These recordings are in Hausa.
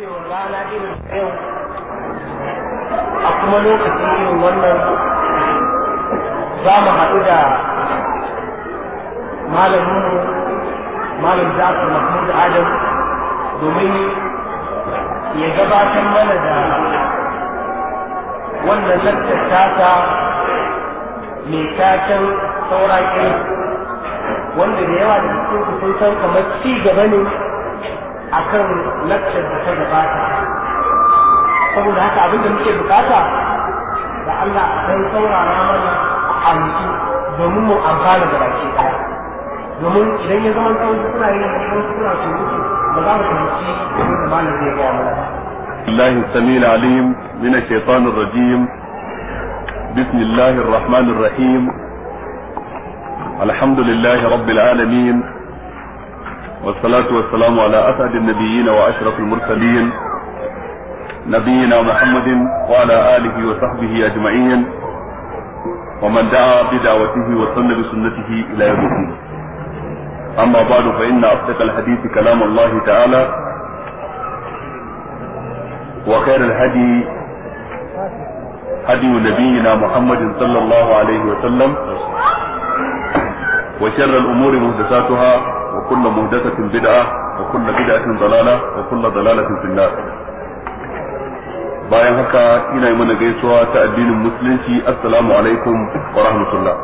rana a kuma lokacin irin wannan za mu haɗu da malaminmu malam jafar mahmud adam domin ya gabatar mana da wannan lantar tasa mai taken saurakin wanda da yawa da cikin sun san kamar ci gaba ne a kan lakcar da ta gabata saboda haka abinda muke bukata da Allah don saurara mana a mutu domin mu amfana da baki ɗaya domin idan ya zama kawai suna yin wasu suna surutu ba za mu fahimci abin da malam zai gaya mana الله السميع العليم من الشيطان الرجيم بسم الله الرحمن الرحيم الحمد لله رب العالمين والصلاة والسلام على أسعد النبيين وأشرف المرسلين نبينا محمد وعلى آله وصحبه أجمعين ومن دعا بدعوته وسن بسنته إلى يوم الدين أما بعد فإن أصدق الحديث كلام الله تعالى وخير الهدي هدي نبينا محمد صلى الله عليه وسلم وشر الأمور محدثاتها وكل محدثة بدعة وكل بدعة ضلالة وكل ضلالة في النار bayan haka ina yi mana gaisuwa ta addinin musulunci assalamu alaikum wa rahmatullah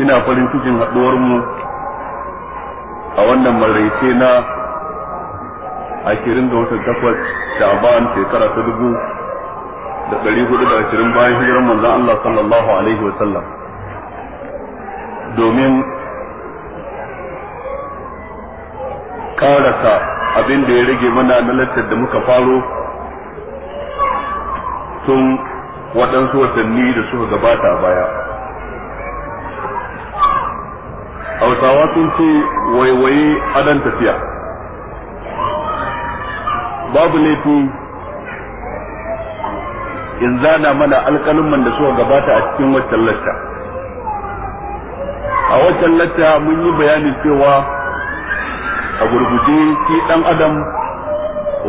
ina farin cikin haɗuwar mu a wannan maraice na a ashirin ga watan takwas sha'ban shekara ta dubu da ɗari hudu da ashirin bayan hijirar manzon Allah sallallahu alaihi wa sallam domin karasa abin da ya rage mana na lantar da muka faro tun waɗansu watanni da suka gabata a baya hausawa sun ce waiwaye adon tafiya babu laifi in zana mana alƙalin da suka gabata a cikin waccan lantar. a wancan latta mun yi bayani cewa a gurguje shi dan adam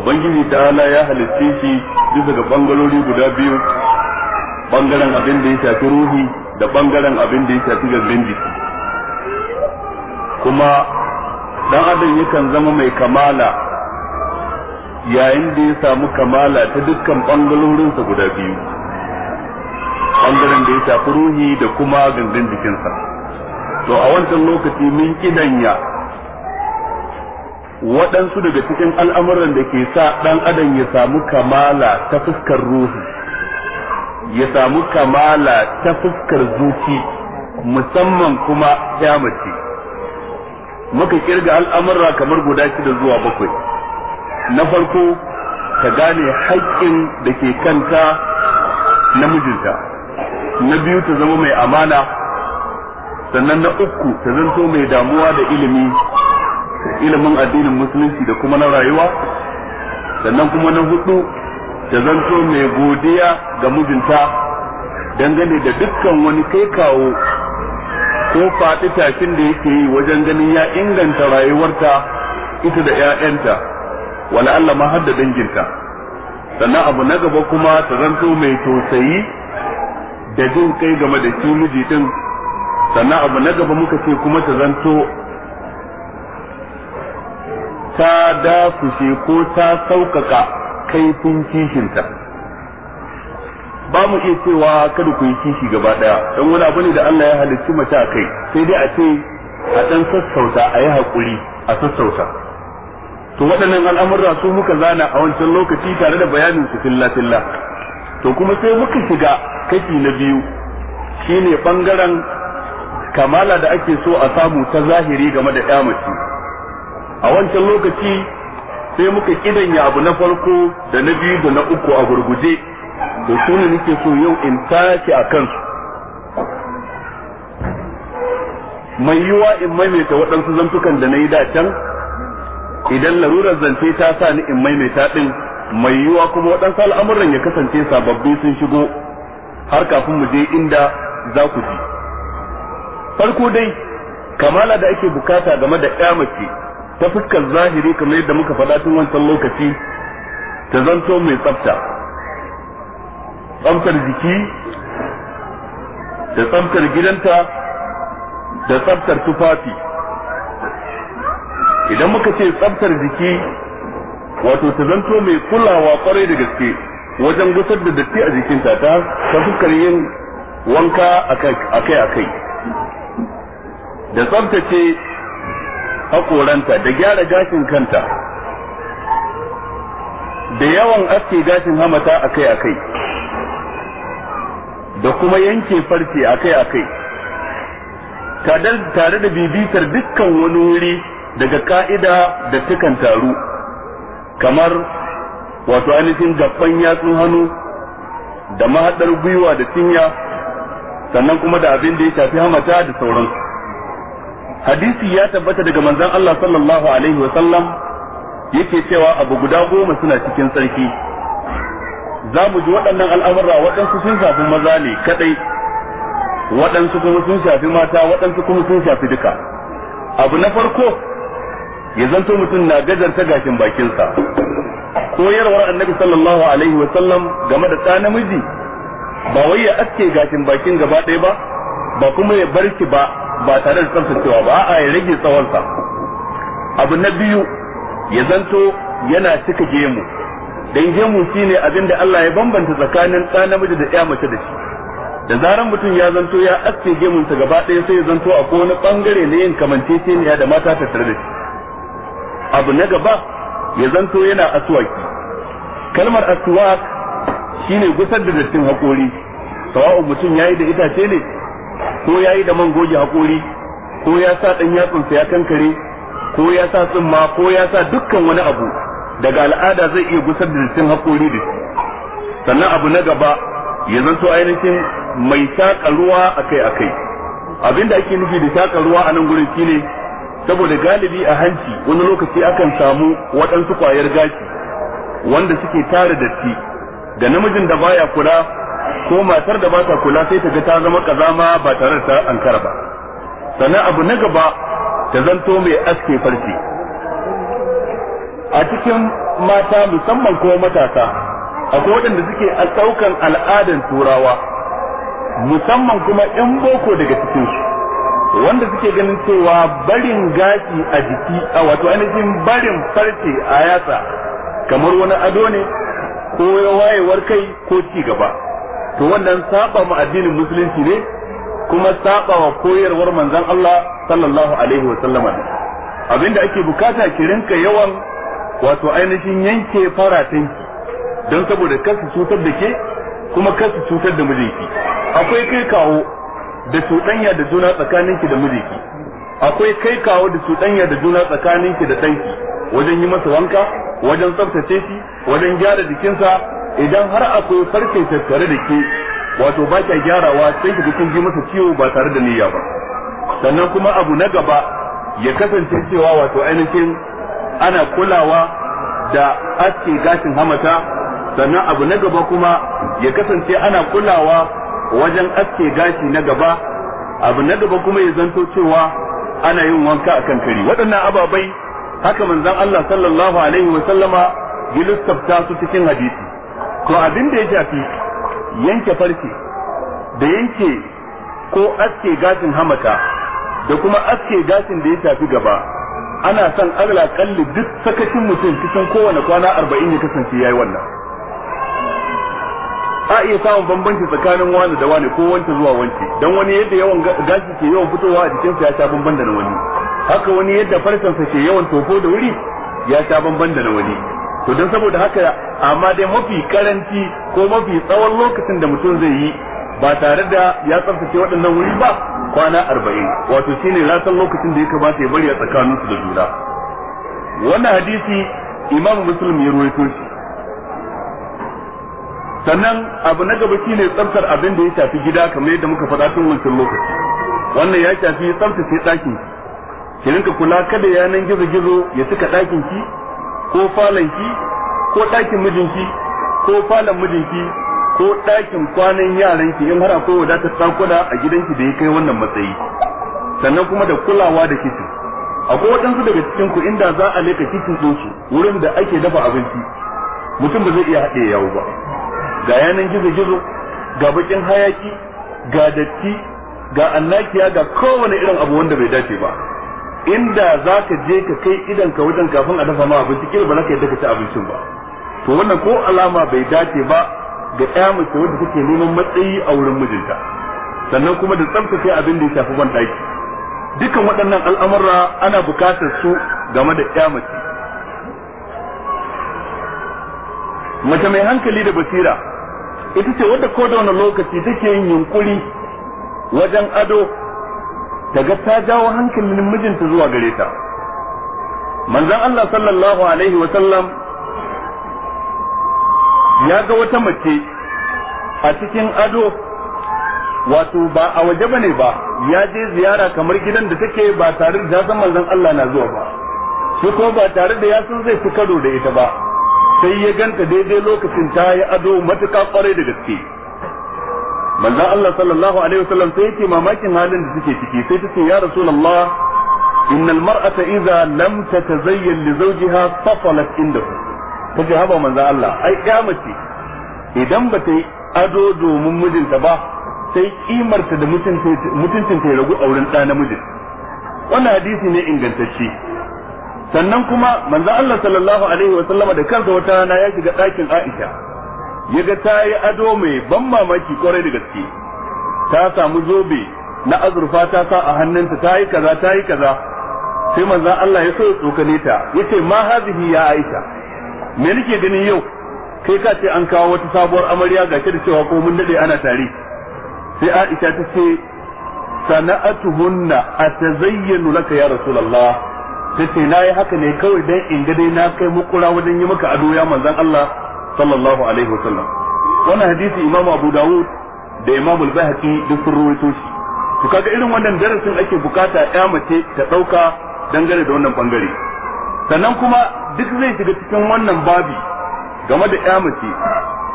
ubangiji ta'ala ya halitta shi bisa ga bangalori guda biyu bangaren abin da ya shafi ruhi da bangaren abin da ya shafi gangan jiki kuma dan adam yakan zama mai kamala yayin da ya samu kamala ta dukkan bangalorinsa guda biyu bangaren da ya shafi ruhi da kuma gangan jikinsa to a wancan lokaci min kidanya waɗansu daga cikin al'amuran da ke sa ɗan adam ya samu kamala ta fuskar ruhu ya samu kamala ta fuskar zuci musamman kuma mace muka kirga al'amura kamar guda shida zuwa bakwai na farko ka gane haƙƙin da ke kanta na mijinta na biyu ta zama mai amana sannan na uku ta zanto mai damuwa da ilimi ilimin addinin musulunci da kuma na rayuwa sannan kuma na hudu ta zanto mai godiya ga mijinta dangane da dukkan wani kai kawo ko faɗi tashin da yake yi wajen ganin ya inganta rayuwarta ita da 'ya'yanta wala Allah ma har da danginta sannan abu na gaba kuma ta zanto mai tausayi da jin kai game da shi miji din sannan abu na gaba muka ce kuma ta zanto ta dafushe ko ta sauƙaƙa kaifin kishinta ba mu iya cewa kada ku yi kishi gaba ɗaya don wani abu ne da Allah ya halicci mace a kai sai dai a ce a ɗan sassauta a yi haƙuri a sassauta to waɗannan al'amurra su muka zana a wancan lokaci tare da bayanin su filla-filla to kuma sai muka shiga kashi na biyu shine ɓangaren kamala da ake so a samu ta zahiri game da ya mace a wancan lokaci sai muka kidanya abu na farko da na biyu da na uku a gurguje da su ne nake so yau in tashi a kansu mai yiwa in maimaita waɗansu zantukan da na yi can idan larurar zance ta sa ni in maimaita ɗin mai yiwa kuma waɗansu al'amuran ya kasance sababbi sun shigo har kafin mu je inda za ku ji farko dai kamala da ake bukata game da ƴa mace ta fuskar zahiri kamar yadda muka faɗa tun wancan lokaci ta zanto mai tsafta tsaftar jiki da tsaftar gidanta da tsaftar tufafi idan muka ce tsaftar jiki wato ta zanto mai kulawa kwarai da gaske wajen gusar da datti a jikinta ta ta fuskar yin wanka akai-akai da tsabtace hakoranta da gyara gashin kanta da yawan aske gashin hamata akai-akai da kuma yanke farce akai-akai tare da bibitar dukkan wani wuri daga ka'ida da tukan taru kamar wato ainihin gaban yatsun hannu da mahaɗar gwiwa da cinya sannan kuma da abin da ya shafi hamata da sauransu hadisi ya tabbata daga manzon Allah sallallahu alaihi wa sallam yake cewa abu guda goma suna cikin tsarki za mu ji waɗannan al'amura waɗansu sun shafi maza ne kadai waɗansu kuma sun shafi mata waɗansu kuma sun shafi duka abu na farko ya zanto mutum na ta gashin bakinsa koyarwar annabi sallallahu alaihi wa sallam game da ɗa namiji ba wai ya aske gashin bakin gaba ɗaya ba ba kuma ya barki ba ba tare da tsaftacewa ba a yi rage tsawonsa abu na biyu ya zanto yana cika gemu dan gemu shine abin da Allah ya bambanta tsakanin ɗa namiji da ɗaya mace da shi da zaran mutum ya zanto ya aske gemunsa gaba ɗaya sai ya zanto a wani bangare na yin kamanceceniya da mata tare da shi abu na gaba ya zanto yana asuwaki kalmar asuwak shine gusar da dattin haƙori Sawa'u mutum yayi da itace ne ko ya yi da man goge hakori ko ya sa ɗan yatsunsa ya kankare ko ya sa tsumma ko ya sa dukkan wani abu daga al'ada zai iya gusar da cikin hakori da sannan abu na gaba ya zanto ainihin mai shaƙa ruwa akai-akai abin da ake nufi da shaƙa ruwa a nan gurin shine saboda galibi a hanci wani lokaci akan samu waɗansu ƙwayar gashi wanda suke tara datti da namijin da baya kula ko matar da ba ta kula sai ta ga ta zama kazama ba tare da ta ankara ba sannan abu na gaba ta zanto mai aske farce a cikin mata musamman ko matasa akwai waɗanda suke a ɗaukan al'adan turawa musamman kuma in boko daga cikinsu wanda suke ganin cewa barin gashi a jiki a wato ainihin barin farce a yatsa kamar wani ado ne ko wayewar kai ko ci gaba to wannan saba mu addinin musulunci ne kuma saba wa koyarwar manzon Allah sallallahu alaihi wa sallama abinda ake bukata ki rinka yawan wato ainihin yanke faratanki don saboda kasu cutar da ke kuma kasu cutar da mijinki akwai kai kawo da cuɗanya da juna tsakaninki da mijinki akwai kai kawo da cuɗanya da juna tsakaninki da ɗanki wajen yi masa wanka wajen tsaftace shi wajen gyara jikinsa idan har akwai farkin tattare da ke wato ba kya gyarawa sai ki kun ji masa ciwo ba tare da niyya ba sannan kuma abu na gaba ya kasance cewa wato ainihin ana kulawa da aske gashin hamata sannan abu na gaba kuma ya kasance ana kulawa wajen aske gashi na gaba abu na gaba kuma ya zanto cewa ana yin wanka a kan kari waɗannan ababai haka manzan Allah sallallahu alaihi wa sallama ya lissafta su cikin hadisi to abin da ya shafi yanke farce da yanke ko aske gashin hamata da kuma aske gashin da ya shafi gaba ana son agla kalli duk sakacin mutum cikin kowane kwana arba'in ya kasance ya yi wannan a iya samun bambanci tsakanin wani da wani ko wance zuwa wance don wani yadda yawan gashi ke yawan fitowa a jikinsa ya sha bamban da na wani haka wani yadda farcensa ke yawan tofo da wuri ya sha bamban da na wani to don saboda haka amma dai mafi karanci ko mafi tsawon lokacin da mutum zai yi ba tare da ya tsaftace waɗannan wuri ba kwana arba'in wato shine ratan lokacin da ya kamata ya bari a tsakaninsu da juna wannan hadisi imam muslim ya ruwaito shi sannan abu na gaba shine tsaftar abin da ya shafi gida kamar yadda muka faɗa tun wancan lokaci wannan ya shafi tsaftace ɗakin ki rinka kula kada yanan gizo-gizo ya cika ɗakin ki ko ki ko ɗakin mijinki ko falon mijinki ko ɗakin kwanan yaranki in har akwai wadatar ɗakuna a gidanki da ya kai wannan matsayi sannan kuma da kulawa da kicin akwai waɗansu daga cikin ku inda za a leka kicin ɗinsu wurin da ake dafa abinci mutum ba zai iya haɗe yawo ba ga yanan gizo gizo ga bakin hayaki ga datti ga annakiya ga kowane irin abu wanda bai dace ba inda za ka je ka kai idan ka wajen kafin a dafa ma abinci kila ba za ka yadda ka ci abincin ba to wannan ko alama bai dace ba ga ɗaya mace wadda take neman matsayi a wurin mijinta sannan kuma da tsabtace abin da ya shafi ban ɗaki dukan waɗannan al'amura ana buƙatar su game da ɗaya mace mace mai hankali da basira ita ce wadda ko da wani lokaci take yin yunkuri wajen ado ta ga ta jawo hankalin mijinta zuwa gare ta manzon Allah sallallahu alaihi wa sallam ya ga wata mace a cikin ado wato ba a waje bane ba ya je ziyara kamar gidan da take ba tare da san manzon Allah na zuwa ba shi ko ba tare da ya san zai fi karo da ita ba sai ya ganta daidai lokacin ta yi ado matuƙa ƙwarai da gaske manzon Allah sallallahu alaihi wasallam sai yake mamakin halin da suke ciki sai tace ya rasulullah innal mar'ata idza lam tatazayyan li zawjiha tafalat indahu kaje haba manzon Allah ai kiyamace idan ba ta yi ado domin mijinta ba sai kimarta da mutuncinta ya ragu a wurin ɗa namijin wannan hadisi ne ingantacce sannan kuma manzo Allah sallallahu alaihi wa sallama da kansa wata rana ya shiga ɗakin Aisha ya ga ta yi ado mai ban mamaki kwarai da gaske ta samu zobe na azurfa ta sa a hannunta ta yi kaza ta yi kaza sai manzan Allah ya so ya tsokane ta ya ma hazihi ya Aisha me nake ganin yau kai ka ce an kawo wata sabuwar amarya ga da cewa ko mun dade ana tari? sai Aisha ta ce sana'atuhunna atazayyanu laka ya rasulullah ta ce na yi haka ne kawai dan in ga dai na kai mukura wajen yi maka ado ya manzan Allah sallallahu alaihi wa sallam wannan hadisi imamu abu dawud da imamu al bahati duk sun rawaito shi to kaga irin wannan darasin ake bukata ya mace ta dauka dangane da wannan bangare sannan kuma duk zai shiga cikin wannan babi game da ya mace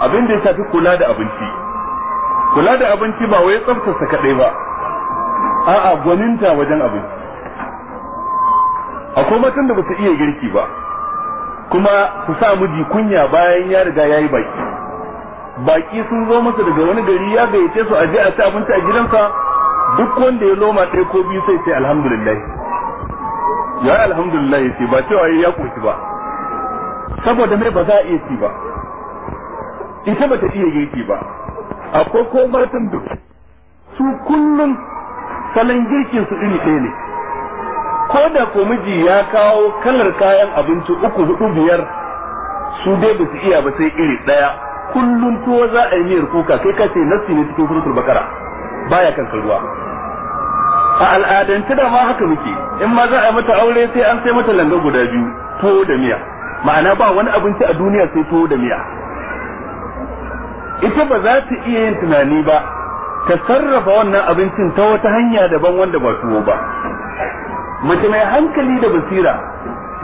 abin da ya shafi kula da abinci kula da abinci ba wai tsaftarsa kadai ba a'a gwaninta wajen abinci akwai matan da ba su iya girki ba kuma ku sa miji kunya bayan ya riga yayi baki baki sun zo masa daga wani gari ya gayyace su aje a ci abinci a gidansa duk wanda ya loma ɗaya ko biyu sai sai alhamdulillah ya alhamdulillah ce ba cewa ya koshi ba saboda mai ba za a iya ci ba ita ba ta iya girki ba akwai ko duk su kullum salon girkin su iri ɗaya ne ko da ko miji ya kawo kalar kayan abinci uku hudu biyar su dai ba su iya ba sai iri daya Kullum tuwo za a yi miyar kuka kai ka ce nasi ne cikin suratul bakara baya kan kalwa a al'adance da ma haka muke in ma za a mata aure sai an sai mata langa guda biyu tuwo da miya ma'ana ba wani abinci a duniya sai tuwo da miya ita ba za ta iya yin tunani ba ta sarrafa wannan abincin ta wata hanya daban wanda ba tuwo ba mace mai hankali da basira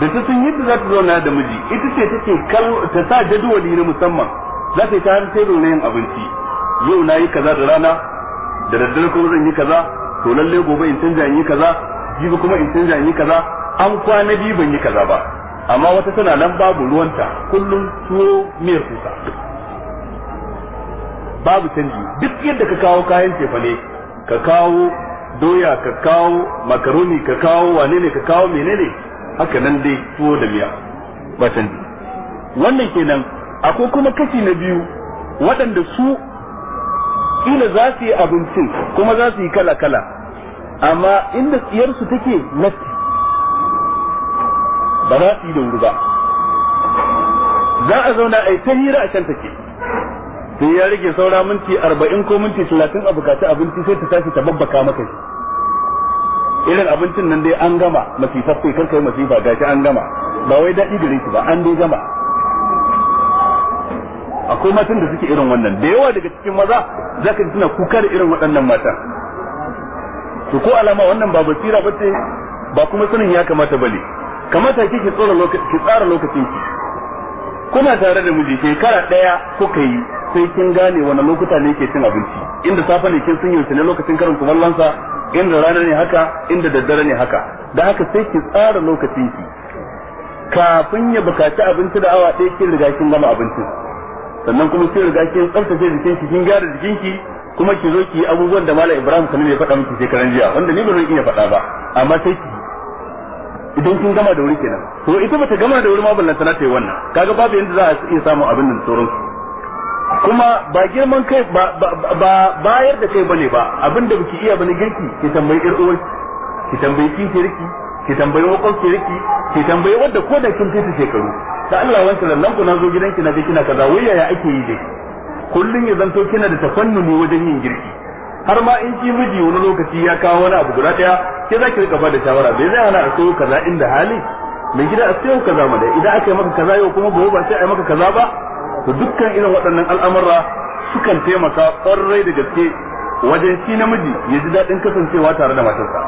da ta sun yadda za ta zauna da miji ita ce take ta sa jadawali na musamman za ta yi ta har sai da yin abinci yau na yi kaza da rana da daddare kuma zan yi kaza to lalle gobe in canja in yi kaza jibi kuma in canja in yi kaza an kwana biyu ban yi kaza ba amma wata tana nan babu ruwanta kullum tuwo miyar kusa babu canji duk yadda ka kawo kayan cefane ka kawo doya ka kawo makaroni ka kawo wane ne ka kawo menene haka nan dai tuwo da miya ba wannan kenan akwai kuma kashi na biyu waɗanda su ina za su yi abincin kuma za su yi kala-kala amma inda tsiyarsu take nasti ba za su yi da wuri ba za a zauna a yi ta hira a can take sai ya rage saura minti arba'in ko minti talatin a bukaci abinci sai ta tashi ta babbaka maka shi irin abincin nan dai an gama masifa sai karkai kai masifa gashi an gama ba wai daɗi gare shi ba an dai gama akwai matan da suke irin wannan da yawa daga cikin maza za ka tuna kuka da irin waɗannan mata to ko alama wannan ba basira ba ce ba kuma sanin ya kamata ba ne kamata ki tsara lokacin ki kuna tare da miji shekara ɗaya kuka yi sai kin gane wani lokuta ne ke cin abinci inda safe ne kin sun yi ne lokacin karin kumallansa inda rana ne haka inda daddare ne haka da haka sai ki tsara lokacin ki kafin ya bukaci abinci da awa ɗaya kin riga kin gama abincin sannan kuma kin riga kin tsaftace jikin ki kin gyara jikin ki kuma ki zo ki yi abubuwan da malam Ibrahim Sani ya faɗa miki shekaran jiya wanda ni ba zan iya faɗa ba amma sai ki idan kin gama da wuri kenan to ita bata gama da wuri ma ballantana ta yi wannan kaga babu yadda za a iya samun abin da sauransu kuma ba girman kai ba bayar da kai bane ba abinda muke iya bane girki ki tambayi ir ki tambayi kirki ki tambayi kirki ki tambayi wadda ko da kin fita shekaru da Allah wanke lallan ku nazo gidanki na kina kaza wai yaya ake yi dai kullun ya zanto kina da tafannuni wajen yin girki har ma in ki miji wani lokaci ya kawo wani abu guda daya ke za ki rika bada shawara bai zai hana a sayo kaza inda hali mai gida a sayo kaza ma da idan aka yi maka kaza yau kuma gobe ba sai a yi maka kaza ba to dukkan irin waɗannan al'amura sukan taimaka ƙwarai da gaske wajen shi namiji ya ji daɗin kasancewa tare da matarsa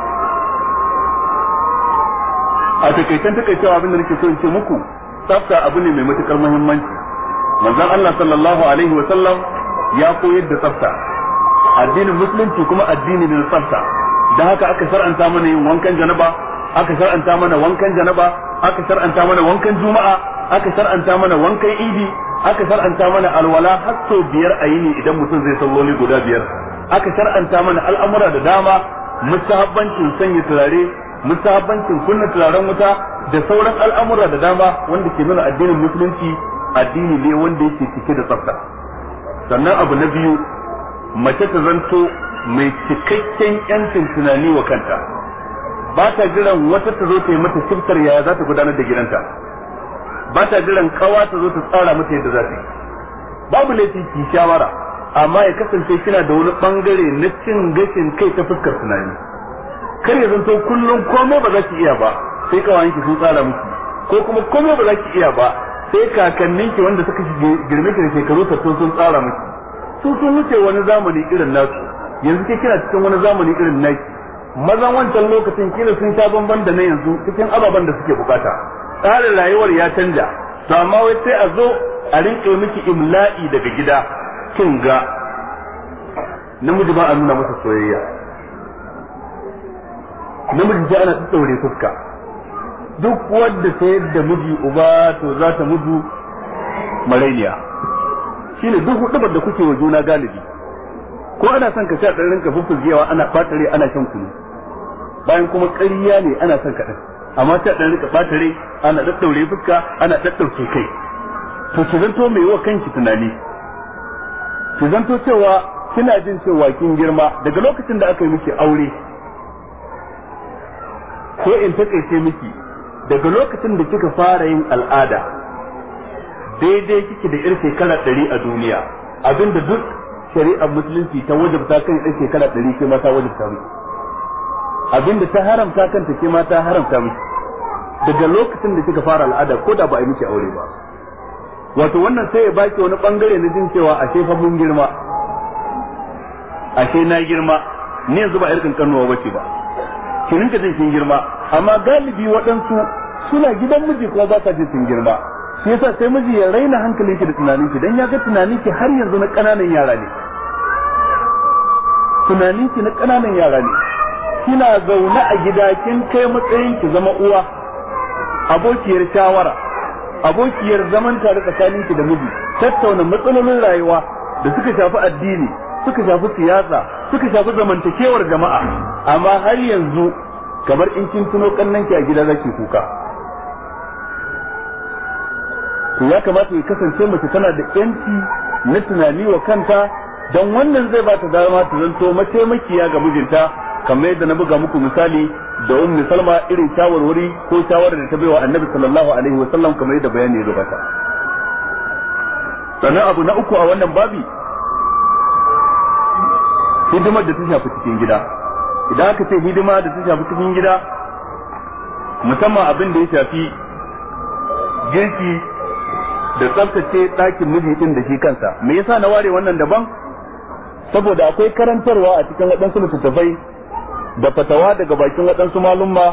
a takaicen takaicewa abin da nake so in ce muku tsafta abu ne mai matukar muhimmanci manzon Allah sallallahu alaihi wa sallam ya koyar da tsafta addinin musulunci kuma addini ne na tsafta da haka aka shar'anta mana yin wankan janaba aka shar'anta mana wankan janaba aka shar'anta mana wankan juma'a aka sar'anta mana wankan idi aka sar'anta mana alwala har sau biyar a yini idan mutum zai san salloli guda biyar aka sar'anta mana al'amura da dama mustahabbancin sanya turare mustahabbancin kunna turaren wuta da sauran al'amura da dama wanda ke nuna addinin musulunci addini ne wanda yake cike da tsafta sannan abu na biyu mace ta zanto mai cikakken yancin tunani wa kanta ba ta jiran wata ta zo ta yi mata siftar yaya za ta gudanar da gidanta ba ta jiran kawa ta zo ta tsara mata yadda za ta yi babu laifi ki shawara amma ya kasance kina da wani bangare na cin gashin kai ta fuskar tunani kar ya zanto kullum komai ba za ki iya ba sai kawayen ki sun tsara miki ko kuma komai ba za ki iya ba sai kakannin ki wanda suka girme ki da shekaru tattun sun tsara miki su sun wuce wani zamani irin nasu yanzu ke kina cikin wani zamani irin naki mazan wancan lokacin kila sun sha bamban da na yanzu cikin ababen da suke bukata tsarin rayuwar ya canja to amma wai sai a zo a rinƙe miki imla'i daga gida kin ga namiji ba a nuna masa soyayya namiji sai ana tsaure fuska duk wanda sayar da miji uba to za ta mutu marainiya shine duk hudubar da kuke wa juna galibi ko ana son ka sha ɗan rinka fuffugewa ana fatare ana shan kunu bayan kuma ƙarya ne ana son kaɗan amma ta dan rika bata rai ana daddaure fuska ana daddauke kai to ki zanto mai wa kanki tunani ki zanto cewa kina jin cewa kin girma daga lokacin da aka yi miki aure ko in takaice miki daga lokacin da kika fara yin al'ada daidai kike da yar shekara ɗari a duniya abinda duk shari'ar musulunci ta wajabta kan yar shekara ɗari ke ma ta wajabta miki abinda ta haramta kanta ke ma ta haramta miki daga lokacin da kika fara al'ada ko da ba a yi miki aure ba wato wannan sai ya baki wani bangare na jin cewa ashe fa mun girma ashe na girma ni yanzu ba a irkin kanuwa ce ba ki rinka jin kin girma amma galibi waɗansu suna gidan miji kuma za ka ji sun girma shi yasa sai miji ya raina hankalinki da tunaninki dan ya ga tunaninki har yanzu na ƙananan yara ne tunaninki na ƙananan yara ne kina zaune a gida kin kai matsayin ki zama uwa abokiyar shawara abokiyar zaman tare tsakanin ki da miji tattauna matsalolin rayuwa da suka shafi addini suka shafi siyasa suka shafi zamantakewar jama'a amma har yanzu kamar in kin tuno kannan ki a gida zaki kuka to ya kamata ya kasance mace tana da yanci na tunani wa kanta dan wannan zai ba ta dama ta zanto mace ga mijinta kamar yadda na buga muku misali da ummi salma irin shawarwari ko shawarar da ta baiwa annabi sallallahu alaihi wasallam kamar yadda bayani ya gabata sannan abu na uku a wannan babi hidimar da ta shafi cikin gida idan aka ce hidima da ta shafi cikin gida musamman abin da ya shafi girki da tsaftace ɗakin miji ɗin da shi kansa me yasa na ware wannan daban saboda akwai karantarwa a cikin waɗansu littattafai da fatawa daga bakin waɗansu malumma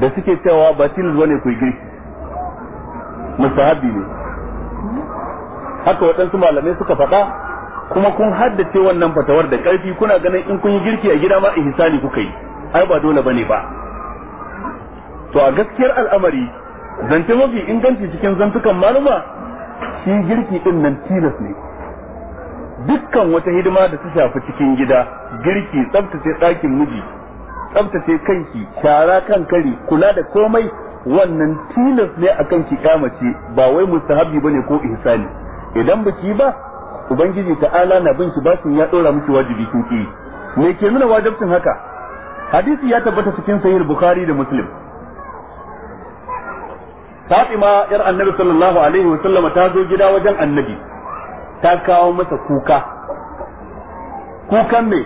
da suke cewa tilis wane ku girki ne haka waɗansu malamai suka faɗa kuma kun haddace wannan fatawar da ƙarfi kuna ganin in kun yi girki a gida ma ihsani kuka yi ai ba dole bane ba to a gaskiyar al'amari zance mafi inganci cikin zantukan malama shi girki din nan tilas ne dukkan wata hidima da ta shafi cikin gida girki tsabtace ɗakin miji tsaftace kanki shara kan kari kula da komai wannan tilas ne akan ki kamace ba wai mustahabi bane ko ihsani idan baki ba ubangiji ta'ala na bin ki ya dora miki wajibi kin ki me ke nuna wajibcin haka hadisi ya tabbata cikin sahih bukhari da muslim Fatima yar annabi sallallahu alaihi wa sallama ta zo gida wajen annabi ta kawo masa kuka kukan me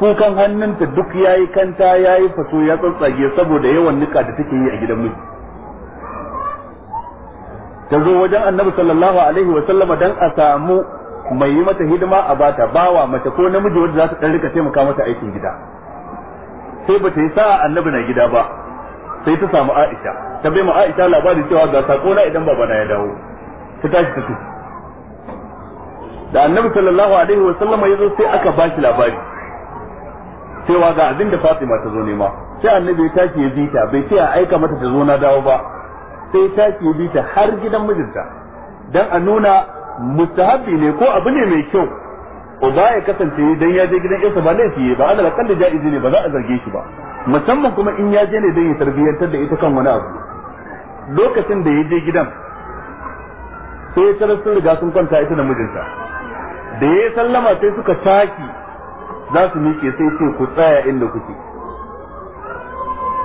kukan hannunta duk yayi kanta yayi faso ya tsantsage saboda yawan nika da take yi a gidan miji ta zo wajen annabi sallallahu alaihi wa sallama dan a samu mai yi mata hidima a bata bawa mace ko namiji wanda za ta dan rika taimaka mata aikin gida sai bata yi sa'a annabi na gida ba sai ta samu Aisha ta bai ma Aisha labari cewa ga sako na idan babana ya dawo ta tashi ta tafi da annabi sallallahu alaihi wa sallam ya zo sai aka bashi labari cewa ga abin da Fatima ta zo nema sai annabi ya tashi ya bita bai sai a aika mata ta zo na dawo ba sai ya tashi ya bita har gidan mijinta dan a nuna mustahabi ne ko abu ne mai kyau uba ya kasance dan ya je gidan yarsa ba laifi ba Allah kan da jaizi ne ba za a zarge shi ba musamman kuma in ya je ne dan ya tarbiyantar da ita kan wani abu lokacin da ya je gidan sai ya tarar sun riga sun kwanta ita da mijinta da ya sallama sai suka taki za su miƙe sai ce ku tsaya inda kuke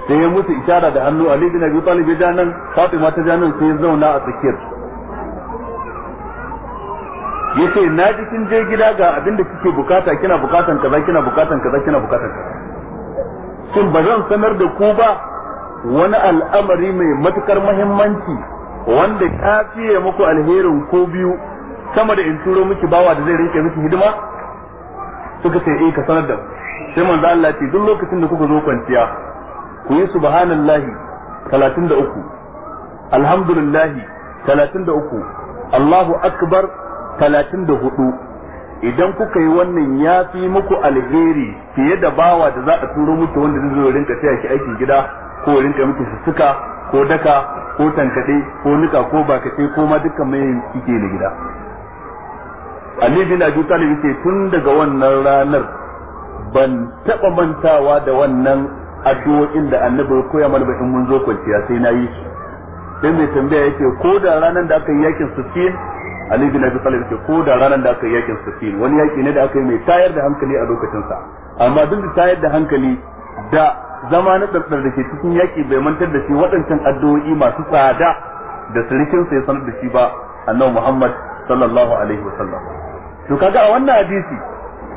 sai ya mutu ishara da hannu Ali bin Abi Talib ya janan Fatima ta janan sai ya zauna a tsakiyar yace na ji kin je gida ga abinda da kike bukata kina bukatan kaza kina bukatan kaza kina bukatan kaza shin ba zan sanar da ku ba wani al'amari mai matukar muhimmanci wanda ya fiye muku alherin ko biyu sama da in turo miki bawa da zai rinke miki hidima suka ce eh ka sanar da sai manzo Allah ce duk lokacin da kuka zo kwanciya ku yi subhanallahi 33 alhamdulillahi 33 Allahu akbar 34 idan kuka yi wannan ya fi muku alheri fiye da bawa da za a turo miki wanda zai zo rinka taya shi aikin gida ko rinka miki sussuka ko daka ko tankaɗe ko nika ko bakace ko ma dukkan mai cike na gida Ali bin Abi Talib yake tun daga wannan ranar ban taba mantawa da wannan addu'o'in da Annabi ya koya mana ba in mun zo kwanciya sai na yi shi sai mai tambaya yake ko da ranar da aka yi yakin Siffin Ali bin Abi Talib yake ko da ranar da aka yi yakin Siffin wani yaki ne da aka yi mai tayar da hankali a lokacin sa amma duk da tayar da hankali da zama na tsartsar da ke cikin yaki bai mantar da shi waɗancan addu'o'i masu tsada da sirikinsa ya sanar da shi ba annabi Muhammad sallallahu alaihi wasallam to kaga a wannan hadisi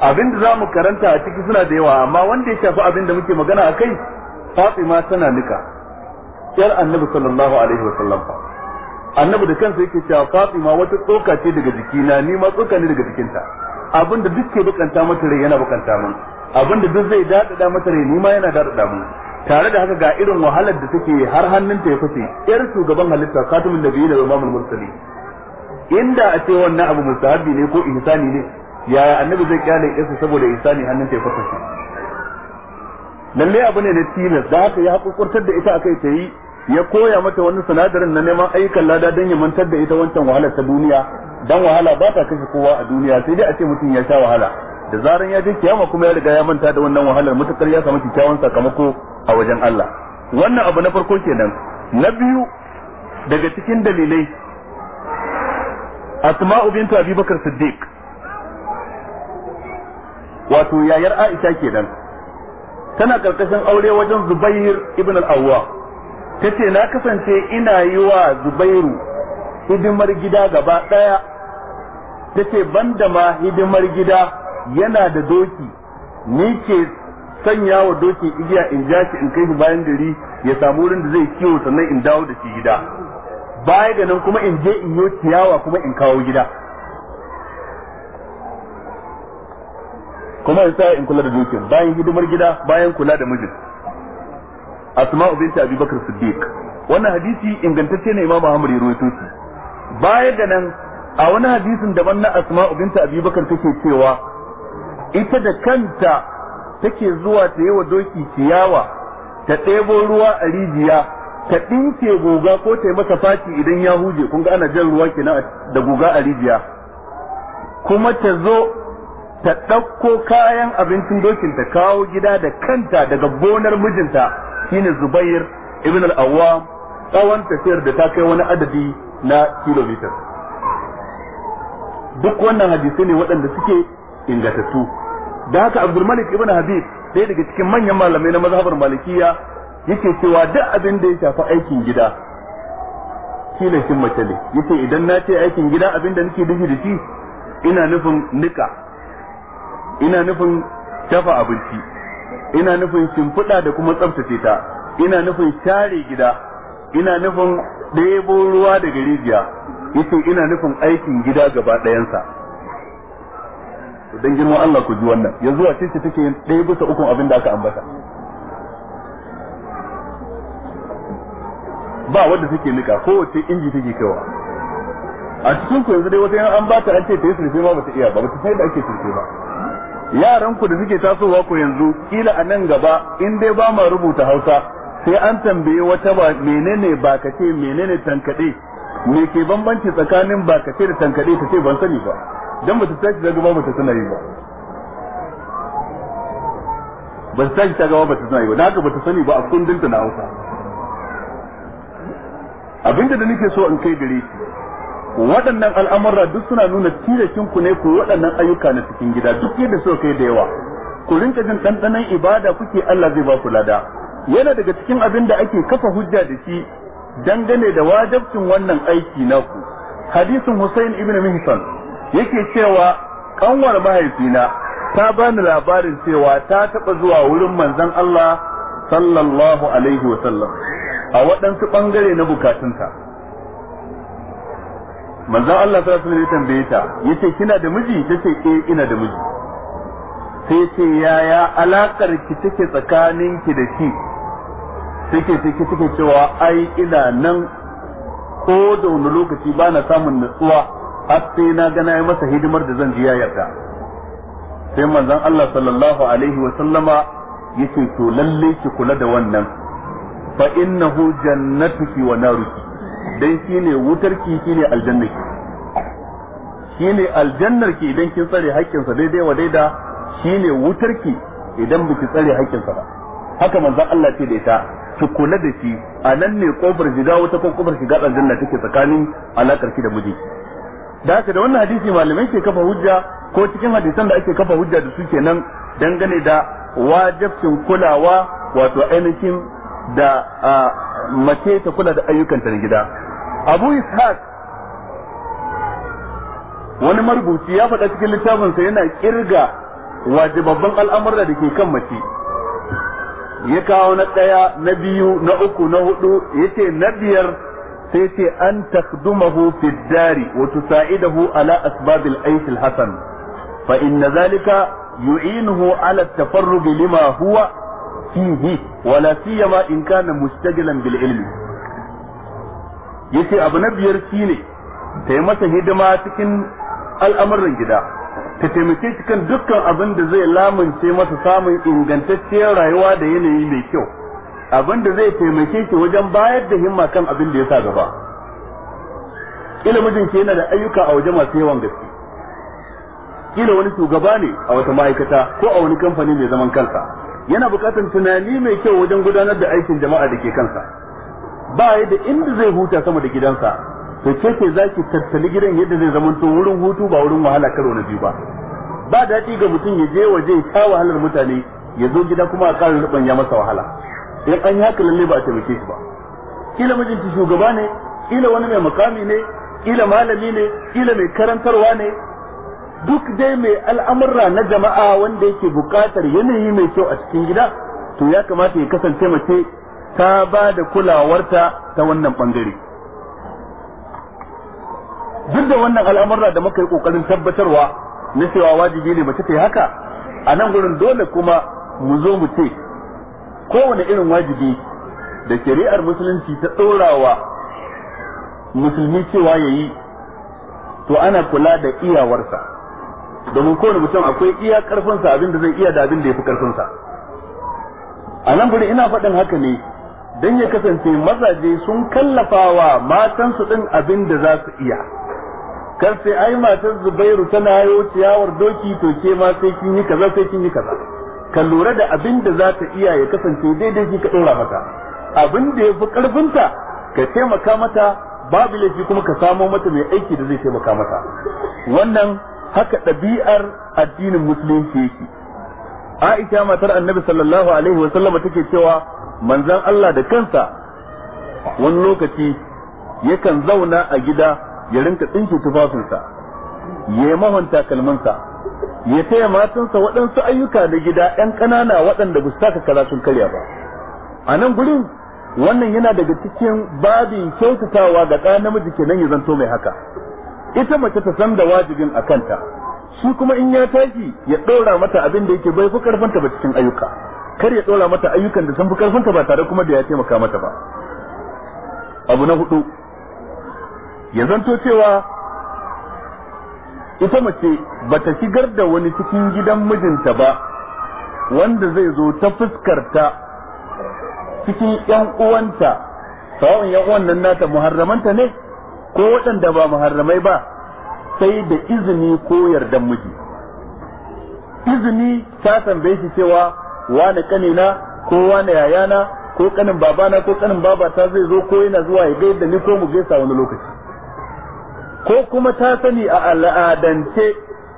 abin da zamu karanta a ciki suna da yawa amma wanda ya shafi abin da muke magana akai Fatima tana nika yar Annabi sallallahu alaihi wasallam Annabi da kansa yake cewa Fatima wata tsoka ce daga jikina ni ma tsoka ne daga jikinta abin da duk ke bukanta mata rai yana bukanta min abin da duk zai da mata rai ni ma yana da min tare da haka ga irin wahalar da take har hannunta ya fice yar shugaban halitta katimin nabiyyi da imamul mursalin inda a ce wannan abu mustahabi ne ko ihsani ne yaya annabi zai kyale yasa saboda ihsani hannun ta shi lalle abu ne na tilas da haka ya hakurkurtar da ita akai ta yi ya koya mata wani sinadarin na neman ayyukan lada don ya mantar da ita wancan wahalar ta duniya dan wahala ba ta kashe kowa a duniya sai dai a ce mutum ya sha wahala da zaran ya je kiyama kuma ya riga ya manta da wannan wahalar mutakar ya samu kyakkyawan sakamako a wajen Allah wannan abu na farko kenan na biyu daga cikin dalilai asma'u bintu abi bakar siddiq wato yayar aisha kenan tana karkashin aure wajen zubair ibn al-awwa tace na kasance ina yi wa zubairu hidimar gida gaba daya tace banda ma hidimar gida yana da doki ni ke sanya wa doki igiya in ja shi in kai shi bayan gari ya samu wurin da zai kiwo sannan in dawo da shi gida baya ga nan kuma in je in yi ciyawa kuma in kawo gida kuma in sa in kula da dukiyar bayan hidimar gida bayan kula da mijin ta abi bakar siddiq wannan hadisi ingantacce ne Imam ahmad ya rawaito shi baya ga nan a wani hadisin daban na asma'u abi bakar take cewa ita da kanta take zuwa ta yi wa doki ciyawa ta ɗebo ruwa a rijiya ka ɗinke goga ko ta masa faci idan ya huje kun ga ana jan ruwa kenan da guga a rijiya kuma ta zo ta ɗauko kayan abincin dokin ta kawo gida da kanta daga gonar mijinta shine Zubair ibn al-Awwam tsawon tafiyar da ta kai wani adadi na kilomita duk wannan hadisai ne waɗanda suke ingantattu da haka Abdulmalik ibn Habib ɗaya daga cikin manyan malamai na mazhabar Malikiya yake cewa duk abin da ya shafi aikin gida kilashin mace ne yace idan na ce aikin gida abin da nake nufi da shi ina nufin nika ina nufin shafa abinci ina nufin shimfiɗa da kuma tsaftace ta ina nufin share gida ina nufin ɗebo ruwa daga rijiya yace ina nufin aikin gida gaba ɗayansa dan girman Allah ku ji wannan yanzu a cikin take ɗaya bisa ukun abin da aka ambata ba wanda suke nika kowace inji take kaiwa a cikin ku yanzu dai wata yan an ba ta an ce ta yi sirfe ma ba ta iya ba ba ta sai da ake sirfe ba yaran ku da suke tasowa ku yanzu kila a nan gaba in dai ba ma rubuta hausa sai an tambaye wata ba menene ba ka ce menene tankade me ke bambanci tsakanin ce da tankade ta ce ban sani ba dan ba ta tashi daga ba ba ta sani ba ba ta tashi daga ba ba ta sani ba na haka ba ta sani ba a kundinta na hausa abinda da nake so in kai gare shi waɗannan al'amura duk suna nuna tilashin ku ne ku waɗannan ayyuka na cikin gida duk yadda so kai da yawa ku rinka jin ɗanɗanon ibada kuke Allah zai ba ku lada yana daga cikin abin da ake kafa hujja da shi dangane da wajabcin wannan aiki naku hadisin Hussein ibn Mihsan yake cewa kanwar mahaifina ta bani labarin cewa ta taɓa zuwa wurin manzon Allah sallallahu alaihi wa sallam a waɗansu ɓangare na bukatunsa manzan Allah ta su ne tambaye ta ce kina da miji ta ce eh ina da miji sai ce yaya alakar ki take tsakaninki da shi ke sai ki take cewa ai ina nan ko da wani lokaci ba na samun nutsuwa har sai na gana ya masa hidimar da zan ji ya yarda sai manzan Allah sallallahu alaihi wa sallama ce to lalle ki kula da wannan fa innahu jannatuki wa naruki dan shine wutarki shine aljannaki shine aljannarki idan kin tsare haƙƙinsa daidai wa daida shine wutarki idan biki tsare haƙƙinsa ba haka manzon Allah ce da ita ki kula da shi a nan ne kofar shiga wata ko kofar shiga aljanna take tsakanin alakar ki da miji da haka da wannan hadisi malamai ke kafa hujja ko cikin hadisan da ake kafa hujja da su kenan dangane da wajibcin kulawa wato ainihin da mace ta kula da ayyukanta na gida abu ishaq wani marubuci ya faɗa cikin littafinsa yana kirga wajibabban al'amura da ke kan mace ya kawo na ɗaya na biyu na uku na hudu ya ce na biyar sai ce an takdumahu fi dari wa tusa'idahu ala asbabil aish hasan fa inna zalika yu'inuhu ala tafarrugi lima huwa fihi wala siyama in kana mustajilan bil ilmi yace abu na biyar shine ta masa hidima cikin al'amuran gida ta taimake shi kan dukkan abin da zai lamunce masa samun ingantacciyar rayuwa da yanayi mai kyau abin da zai taimake shi wajen bayar da himma kan abin da ya sa gaba ilimin ke yana da ayyuka a waje masu yawan gaske kila wani shugaba ne a wata ma'aikata ko a wani kamfani mai zaman kansa yana bukatar tunani mai kyau wajen gudanar da aikin jama'a da ke kansa ba ya da inda zai huta sama da gidansa to ke ke za ki tattali gidan yadda zai zamanta wurin hutu ba wurin wahala karo na biyu ba ba daɗi ga mutum ya je waje ta wahalar mutane ya zo gida kuma a ƙarin riɓan ya masa wahala sai an yi haka lalle ba a taimake shi ba kila mijinki shugaba ne kila wani mai mukami ne kila malami ne kila mai karantarwa ne duk dai mai al'amurra na jama'a wanda yake buƙatar yanayi mai kyau a cikin gida to ya kamata ya kasance mace ta ba da kulawarta ta wannan bangare duk da wannan al'amurra da muka yi ƙoƙarin tabbatarwa na cewa wajibi ne mace ta yi haka a nan gurin dole kuma mu zo mu ce kowane irin wajibi da shari'ar musulunci ta ɗorawa musulmi cewa ya yi to ana kula da iyawarsa domin kowane mutum akwai iya karfinsa abin da zai iya da abin da ya fi karfinsa a nan gurin ina faɗin haka ne don ya kasance mazaje sun kallafawa matansu ɗin abin da za su iya kar sai ai matar zubairu tana yau ciyawar doki to ke ma sai kin yi kaza sai kin yi kaza ka lura da abin da za ta iya ya kasance daidai ki ka ɗora mata abin da ya fi karfinta ka taimaka mata babu laifi kuma ka samo mata mai aiki da zai taimaka mata wannan haka ɗabi'ar addinin musulunci yake Aisha matar Annabi sallallahu alaihi wa sallama take cewa manzon Allah da kansa wani lokaci yakan zauna a gida ya rinka tsinke tufafinsa ya yi mahon takalminsa ya taya matansa waɗansu ayyuka da gida ɗan ƙanana waɗanda ba su saka karatun karya ba a nan gurin wannan yana daga cikin babin kyautatawa ga ɗa namiji kenan ya zanto mai haka ita mace ta san da wajibin a kanta shi kuma in ya tashi ya ɗora mata abin da yake bai fi karfanta ba cikin ayyuka kar ya ɗora mata ayyukan da sun fi karfanta ba tare kuma da ya taimaka mata ba abu na hudu ya zanto cewa ita mace ba ta shigar da wani cikin gidan mijinta ba wanda zai zo ta fuskarta cikin 'yan uwanta sawa'un 'yan uwan nan nata muharramanta ne ko waɗanda ba muharramai ba sai da izini ko yardan miji izini ta tambaye shi cewa wani kanina ko wani yayana ko kanin babana ko kanin ta zai zo ko yana zuwa ya gaida ni ko mu gaisa wani lokaci ko kuma ta sani a al'adance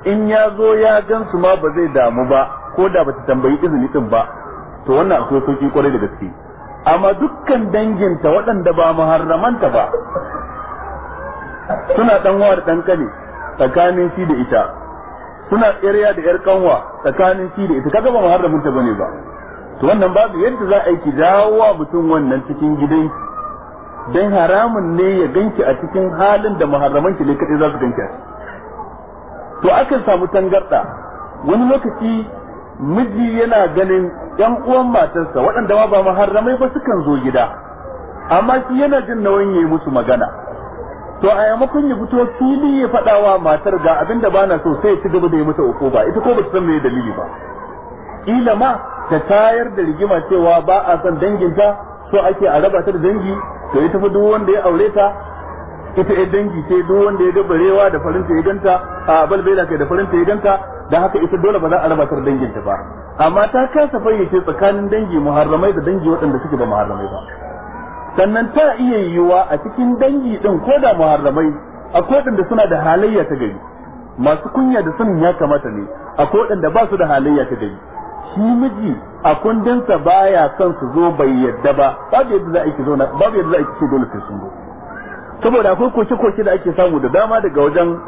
in ya zo ya gansu ma ba zai damu ba ko da bata tambayi izini din ba to wannan akwai sauki kwarai da gaske amma dukkan danginta waɗanda ba muharramanta ba suna dan da dan kane tsakanin shi da ita suna tsiriya da yar kanwa tsakanin shi da ita kaga ba da mutunta bane ba to wannan babu yadda za a yi ki dawo wa mutum wannan cikin gidan dan haramun ne ya ganki a cikin halin da muharraman ki ne kadai za su ganki to akan samu tangarda wani lokaci miji yana ganin yan uwan matarsa waɗanda ba muharramai ba sukan zo gida amma shi yana jin nauyin yayi musu magana to a yamakon ya fito fili ya faɗa wa matar ga abin da bana so sai ci gaba da yi mata uku ba ita ko ba san mai dalili ba Ila ma ta tayar da rigima cewa ba a san danginta so ake a raba ta da dangi to ita fa duk wanda ya aure ta ita ya dangi ce duk wanda ya gabarewa da farinta ya ganta a balbela kai da farinta ya ganta da haka ita dole ba za a raba ta da danginta ba amma ta kasa fayyace tsakanin dangi muharramai da dangi waɗanda suke da muharramai ba sannan ta iya yiwuwa a cikin dangi din ko da muharramai akwai da suna da halayya ta gari masu kunya da sanin ya kamata ne akwai da ba su da halayya ta gari shi miji a kundinsa baya son su zo bai yadda ba babu yadda za a ki zauna babu yadda za a yi ce dole sai sun zo saboda akwai koke-koke da ake samu da dama daga wajen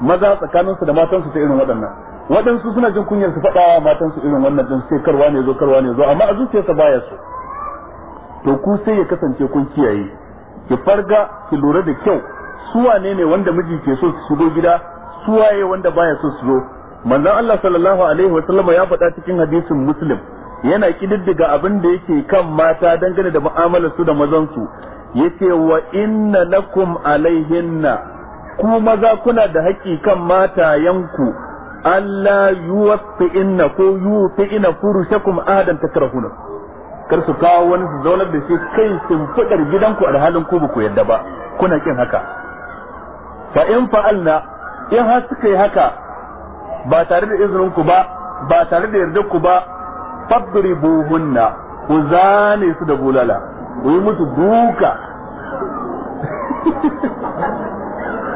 maza tsakaninsu da matansu ta irin waɗannan waɗansu suna jin kunyar su faɗa matansu irin wannan din sai karwa ne zo karwa ne zo amma a zuciyarsa baya so to ku sai ya kasance kun kiyaye ki farga ki lura da kyau su wane ne wanda miji ke so su zo gida su waye wanda baya so su zo manzon Allah sallallahu alaihi wa sallam ya faɗa cikin hadisin muslim yana kididdiga abin da yake kan mata dangane da mu'amalar su da mazan su yace wa inna lakum alaihinna ku maza kuna da haƙi kan yanku Allah yuwaffi inna ko yuwaffi inna furushakum adan takrahuna kar su kawo wani su zaunar da shi kai sun fudar gidanku halin ku ba ku yadda ba kuna kin haka fa in fa'alna in har suka yi haka ba tare da izinin ku ba ba tare da yardar ku ba fadribuhunna ku zane su da bulala ku yi musu duka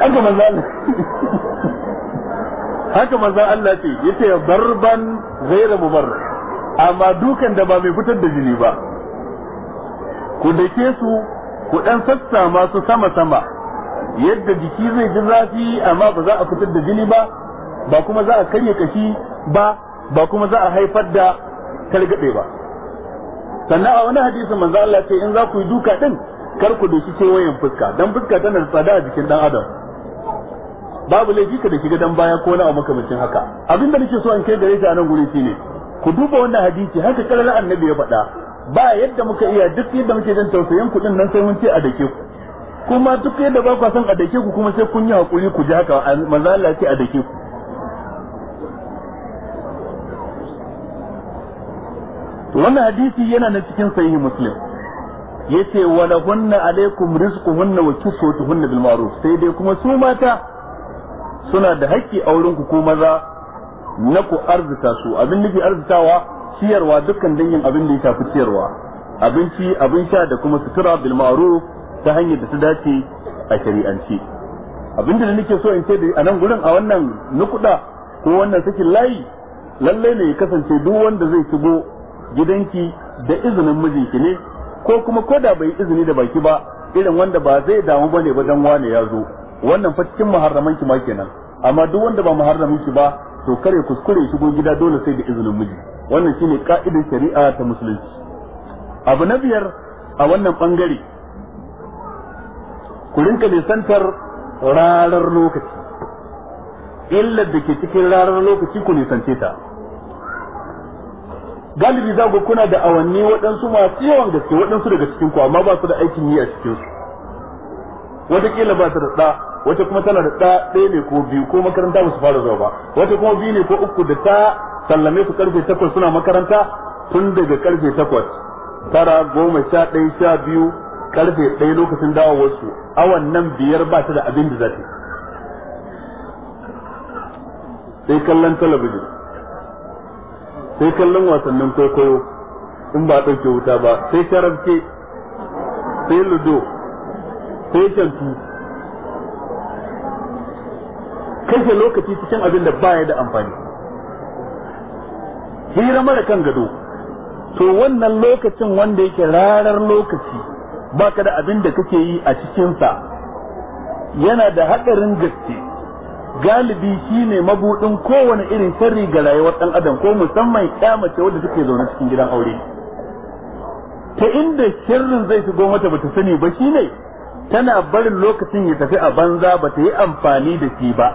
haka manzo Allah haka manzo Allah ce yace barban ghayra mubarrak amma dukan da ba mai fitar da jini ba ku dake su ku ɗan sassa masu sama sama yadda jiki zai ji zafi amma ba za a fitar da jini ba ba kuma za a karya kashi ba ba kuma za a haifar da targaɗe ba sannan a wani hadisi manzo Allah ce in za ku yi duka din kar ku doshi kewayen fuska Don fuska tana da tsada a jikin dan adam babu laifi ka da shiga dan baya ko na a makamancin haka abin da nake so in kai gare shi a nan guri shine ku duba wannan hadisi haka kalar annabi ya faɗa ba yadda muka iya duk yadda muke jin tausayin kuɗin nan sai mun ce a dake ku kuma duk yadda ba ku san a dake ku kuma sai kun yi hakuri ku ji haka manzo Allah ce a dake ku to wannan hadisi yana na cikin sahihi muslim yace wa hunna alaikum rizquhunna wa ko bil ma'ruf sai dai kuma su mata suna da hakki a wurin ku ko maza na ku arzuta su abin nufi arzutawa ciyarwa dukkan dangin abin da ya shafi ciyarwa abinci abin sha da kuma sutura bil ma'ruf ta hanyar da ta dace a shari'anci abin da nake so in ce da anan nan gurin a wannan nukuda ko wannan sakin layi lalle ne ya kasance duk wanda zai shigo gidanki da izinin mijinki ne ko kuma ko da bai izini da baki ba irin wanda ba zai damu bane ba dan wane ya zo wannan fa cikin muharraman ki ma kenan amma duk wanda ba muharramin ki ba to kare kuskure shigo gida dole sai da izinin miji wannan shine ka'idar shari'a ta musulunci abu na biyar a wannan bangare ku rinka nisantar rarar lokaci illar da ke cikin rarar lokaci ku nisance ta galibi za ku kuna da awanni waɗansu masu yawan gaske waɗansu daga cikin ku amma ba su da aikin yi a cikin su wataƙila ba su da wata kuma tana da ɗa ɗaya ne ko biyu ko makaranta ba su fara zuwa ba wata kuma biyu ne ko uku da ta sallame su karfe takwas suna makaranta tun daga karfe takwas tara goma sha ɗaya sha biyu karfe ɗaya lokacin dawowarsu awan nan biyar ba ta da abin da za ta sai kallon talabijin sai kallon wasannin kwaikwayo in ba ɗauke wuta ba sai sharafke sai ludo sai shantu kashe lokaci cikin abin da baya da amfani hira mara kan gado to wannan lokacin wanda yake rarar lokaci baka da abin da kake yi a cikinsa yana da haɗarin gaske galibi shine mabudin kowane irin sharri ga rayuwar ɗan adam ko musamman mace wadda take zaune cikin gidan aure ta inda sharrin zai shigo mata bata sani ba shine tana barin lokacin ya tafi a banza bata yi amfani da shi ba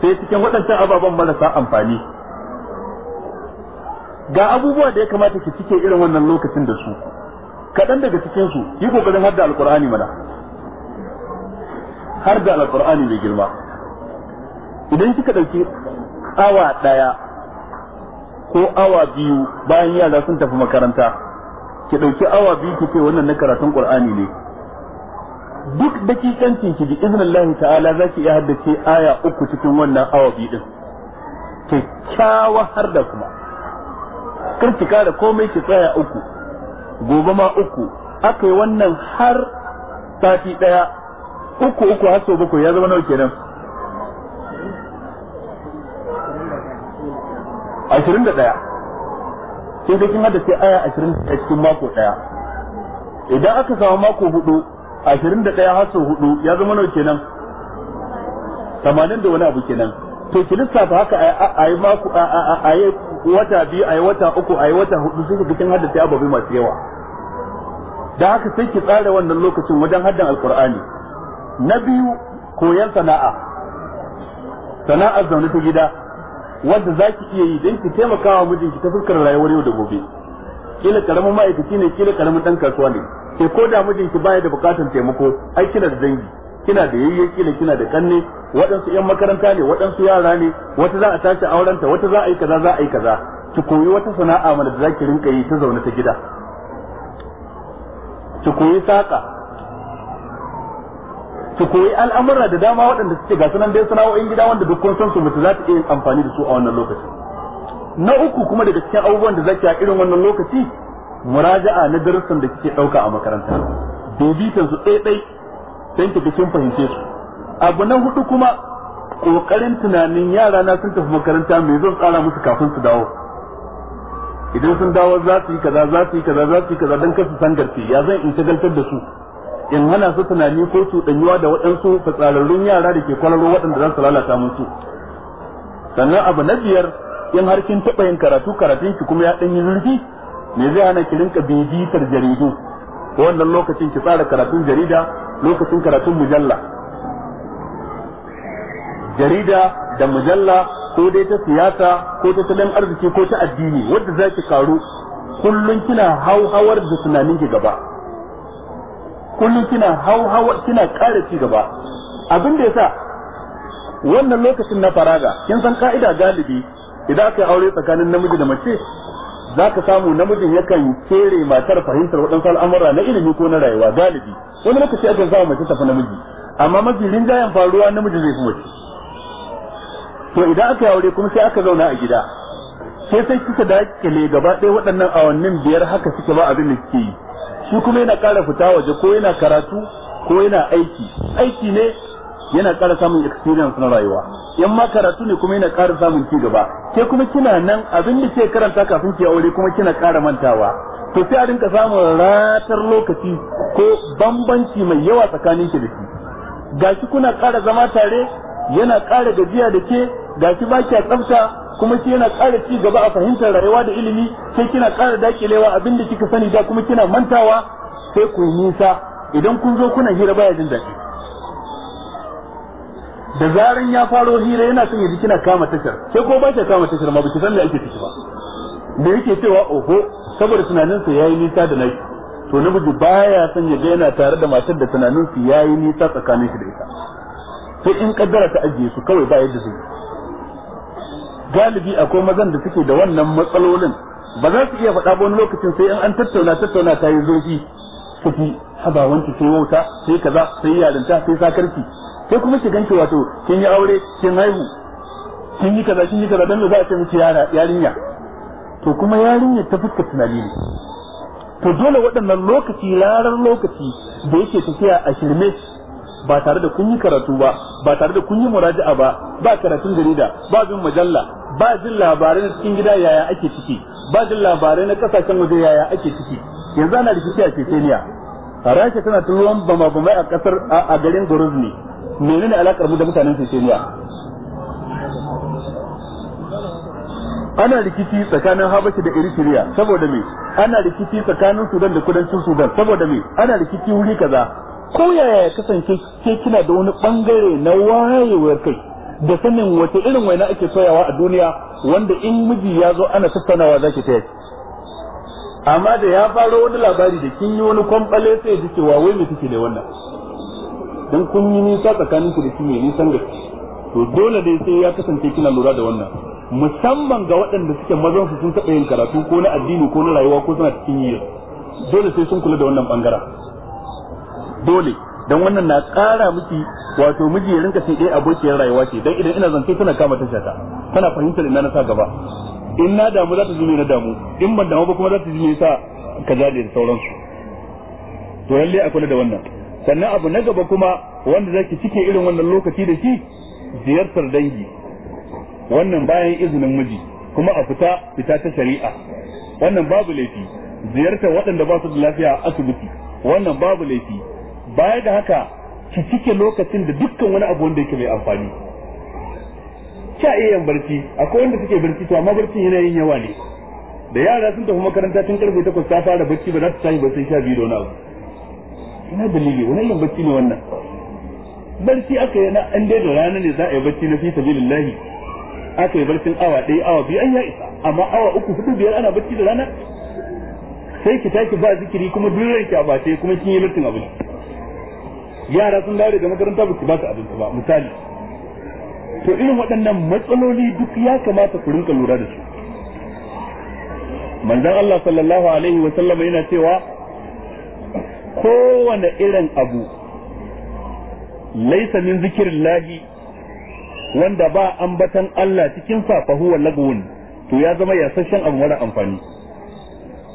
sai cikin waɗancan ababen marasa amfani ga abubuwa da ya kamata ki cike irin wannan lokacin da su kaɗan daga cikinsu su yi ƙoƙarin har da Alƙur'ani mana har da Alƙur'ani mai girma idan kika ɗauki awa ɗaya ko awa biyu bayan yara sun tafi makaranta ki ɗauki awa biyu ki wannan na karatun ƙur'ani ne duk kikancin ki bi iznillahi ta'ala zaki iya haddace aya uku cikin wannan awa biyu din kyakkyawa har da kuma kar ki kara komai ki tsaya uku gobe ma uku aka yi wannan har sati daya uku uku har sau bakwai ya zama nawa kenan ashirin da daya sai da kin haddace aya ashirin da cikin mako daya idan aka samu mako hudu ashirin da ɗaya haso hudu ya zama nawa kenan tamanin da wani abu kenan to ki lissafa haka a yi maku a yi wata biyu a yi wata uku a yi wata hudu sai ki kin ababai masu yawa da haka sai ki tsara wannan lokacin wajen haddan alkur'ani na biyu koyan sana'a sana'ar zaune ta gida wanda za ki iya yi don ki taimaka wa mijinki ta fuskar rayuwar yau da gobe kila karamin ma'aikaci ne kila karamin dan kasuwa ne ke ko da mijinki baya da bukatun taimako ai kina da dangi kina da yayye kila kina da kanne waɗansu yan makaranta ne waɗansu yara ne wata za a tashi aurenta wata za a yi kaza za a yi kaza ki koyi wata sana'a mana da zaki rinka yi ta zaune ta gida ki koyi saka ki koyi al'amura da dama waɗanda suke ga sunan dai sana'o'in gida wanda dukkan san su mutu za ta iya amfani da su a wannan lokacin na uku kuma daga cikin abubuwan da zaki a irin wannan lokaci muraja'a na darussan da kike dauka a makaranta bibitan su ɗai ɗai dan kike kin fahimce su abu na hudu kuma kokarin tunanin yara na sun tafi makaranta mai zan tsara musu kafin su dawo idan sun dawo za su yi kaza za su yi kaza za su yi kaza dan kasu san garfi ya zan in shagaltar da su in hana su tunani ko danyuwa da waɗansu fatsararrun yara da ke kwararo waɗanda za su lalata musu sannan abu na biyar in har kin taba yin karatu karatun ki kuma ya dan yi zurfi me zai hana ki rinka bibitar jaridu wannan lokacin ki tsara karatun jarida lokacin karatun mujalla jarida da mujalla ko dai ta siyasa ko ta tattalin arziki ko ta addini wadda za ki karu kullun kina hauhawar da tunanin ki gaba kullun kina hauhawar kina ƙara ci gaba abin da yasa wannan lokacin na faraga kin san ka'ida galibi idan aka yi aure tsakanin namiji da mace za ka samu namijin yakan kere matar fahimtar waɗansu al'amura na ilimi ko na rayuwa galibi wani lokaci akan samu mace tafi namiji amma mafi rinjayen faruwa namiji zai fi mace to idan aka yi aure kuma sai aka zauna a gida sai sai kika dakile gaba ɗaya waɗannan awannin biyar haka suke ba abin da kike yi shi kuma yana ƙara fita waje ko yana karatu ko yana aiki aiki ne yana ƙara samun experience na rayuwa in ma karatu ne kuma yana ƙara samun ci gaba ke kuma kina nan abin da ke karanta kafin ki aure kuma kina ƙara mantawa to sai a rinka samun ratar lokaci ko bambanci mai yawa tsakanin ki da shi gashi kuna ƙara zama tare yana ƙara gajiya da ke gashi ba ki tsafta kuma ki yana ƙara ci gaba a fahimtar rayuwa da ilimi sai kina ƙara dakilewa abin da kika sani da kuma kina mantawa sai ku nisa idan kun zo kuna hira baya jin daɗi da zaran ya faro hira yana son ya ji kina kama tashar sai ko ba ta kama tashar ma ba ki san me ake ciki ba da yake cewa oho saboda tunanin sa yayi nisa da naki to namiji baya son ya ga yana tare da matar da tunanin sa yayi nisa tsakanin shi da ita sai in kaddara ta ajiye su kawai ba yadda zai galibi akwai mazan da suke da wannan matsalolin ba za su iya faɗa ba wani lokacin sai in an tattauna tattauna ta yi zurfi su fi haba sai wauta sai kaza sai yarinta sai sakarci sai kuma ki ganke wato kin yi aure kin haihu kin yi kaza kin yi kaza dan za a ce miki yara yarinya to kuma yarinya ta fuskar tunani ne to dole waɗannan lokaci larar lokaci da yake tafiya a shirme ba tare da kun yi karatu ba ba tare da kun yi muraja'a ba ba karatun jarida ba bin majalla, ba jin labarai na cikin gida yaya ake ciki ba jin labarai na kasashen waje yaya ake ciki yanzu ana rikici a a Rasha tana turuwan bama-bamai a kasar a garin Grozny Mene ne alakar mu da mutanen Siciliya ana rikici tsakanin Habashi da Eritrea saboda me ana rikici tsakanin Sudan da kudancin Sudan saboda me ana rikici wuri kaza ko yaya ya kasance ke kina da wani bangare na wayewar kai da sanin wata irin waina ake soyawa a duniya wanda in miji ya zo ana tattaunawa zaki ta amma da ya faro wani labari da kin yi wani kwamfale sai ji cewa wai me kike ne wannan dan kun yi nisa tsakanin ku da shi mai nisan gaske to dole dai sai ya kasance kina lura da wannan musamman ga waɗanda suke mazan su sun taɓa yin karatu ko na addini ko na rayuwa ko suna cikin yiyar dole sai sun kula da wannan bangara dole dan wannan na ƙara miki wato miji ya rinka sai dai eh, abokiyar rayuwa ce dan idan ina zance tana kama ta shata tana fahimtar ina na sa gaba in na damu za ta ji na damu in ban damu ba kuma za ta ji me sa kaza da sauransu to lalle a kula da wannan sannan abu na gaba kuma wanda zaki cike irin wannan lokaci da shi ziyartar dangi wannan bayan izinin miji kuma a fita fita ta shari'a wannan babu laifi ziyartar waɗanda ba su da lafiya a asibiti wannan babu laifi baya da haka ki cike lokacin da dukkan wani abu wanda yake mai amfani a iya yin barci akwai wanda suke barci to amma barcin yana yin yawa ne da yara sun tafi makaranta tun karfe takwas ta fara barci ba za su tashi ba sai sha biyu da wani abu ina dalili wani irin bacci ne wannan barci aka yi na an dai da rana ne za a yi barci na fi sabilillahi aka yi barcin awa ɗaya awa biyu an ya isa amma awa uku hudu biyar ana barci da rana sai ki tashi ba zikiri kuma duk ki a bace kuma kin yi lurtin abinci yara sun dawo da makaranta ba su ba su abinci ba misali to irin waɗannan matsaloli duk ya kamata ku rinka lura da su manzon Allah sallallahu alaihi wa sallam yana cewa kowane irin abu laisa min zikirin lahi wanda ba ambatan Allah cikin sa fa huwa to ya zama yasashen abu mara amfani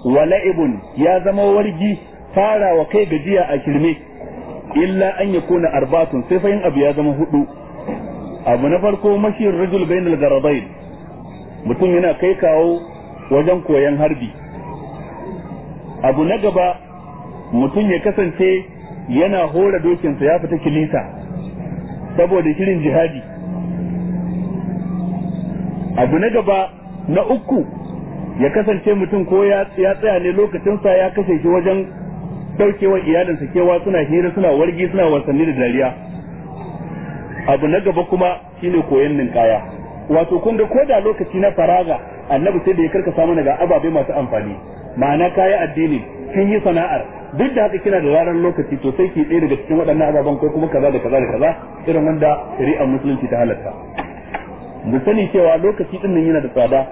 Wala'ibun ibun ya zama wargi fara wa kai gajiya a kirme illa an ya yakuna arbatun sai fa abu ya zama hudu abu na farko mashin rajul bainal garabain mutum yana kai kawo wajen koyon harbi abu na gaba mutum ya kasance yana hora dokinsa ya fita kilisa saboda shirin jihadi abu na gaba na uku ya kasance mutum ko ya tsaya ne lokacinsa ya kashe shi wajen daukewar iyalinsa kewa suna hira suna wargi suna wasanni da dariya abu na gaba kuma shine koyon ninkaya wato kun ga koda lokaci na faraga annabi sai da ya karka samu daga ababai masu amfani ma'ana kaya addini kin yi sana'ar duk da haka kina da ranar lokaci to sai ki ɗaya daga cikin waɗannan ababen ko kuma kaza da kaza da kaza irin wanda shari'ar musulunci ta halatta mu sani cewa lokaci din nan yana da tsada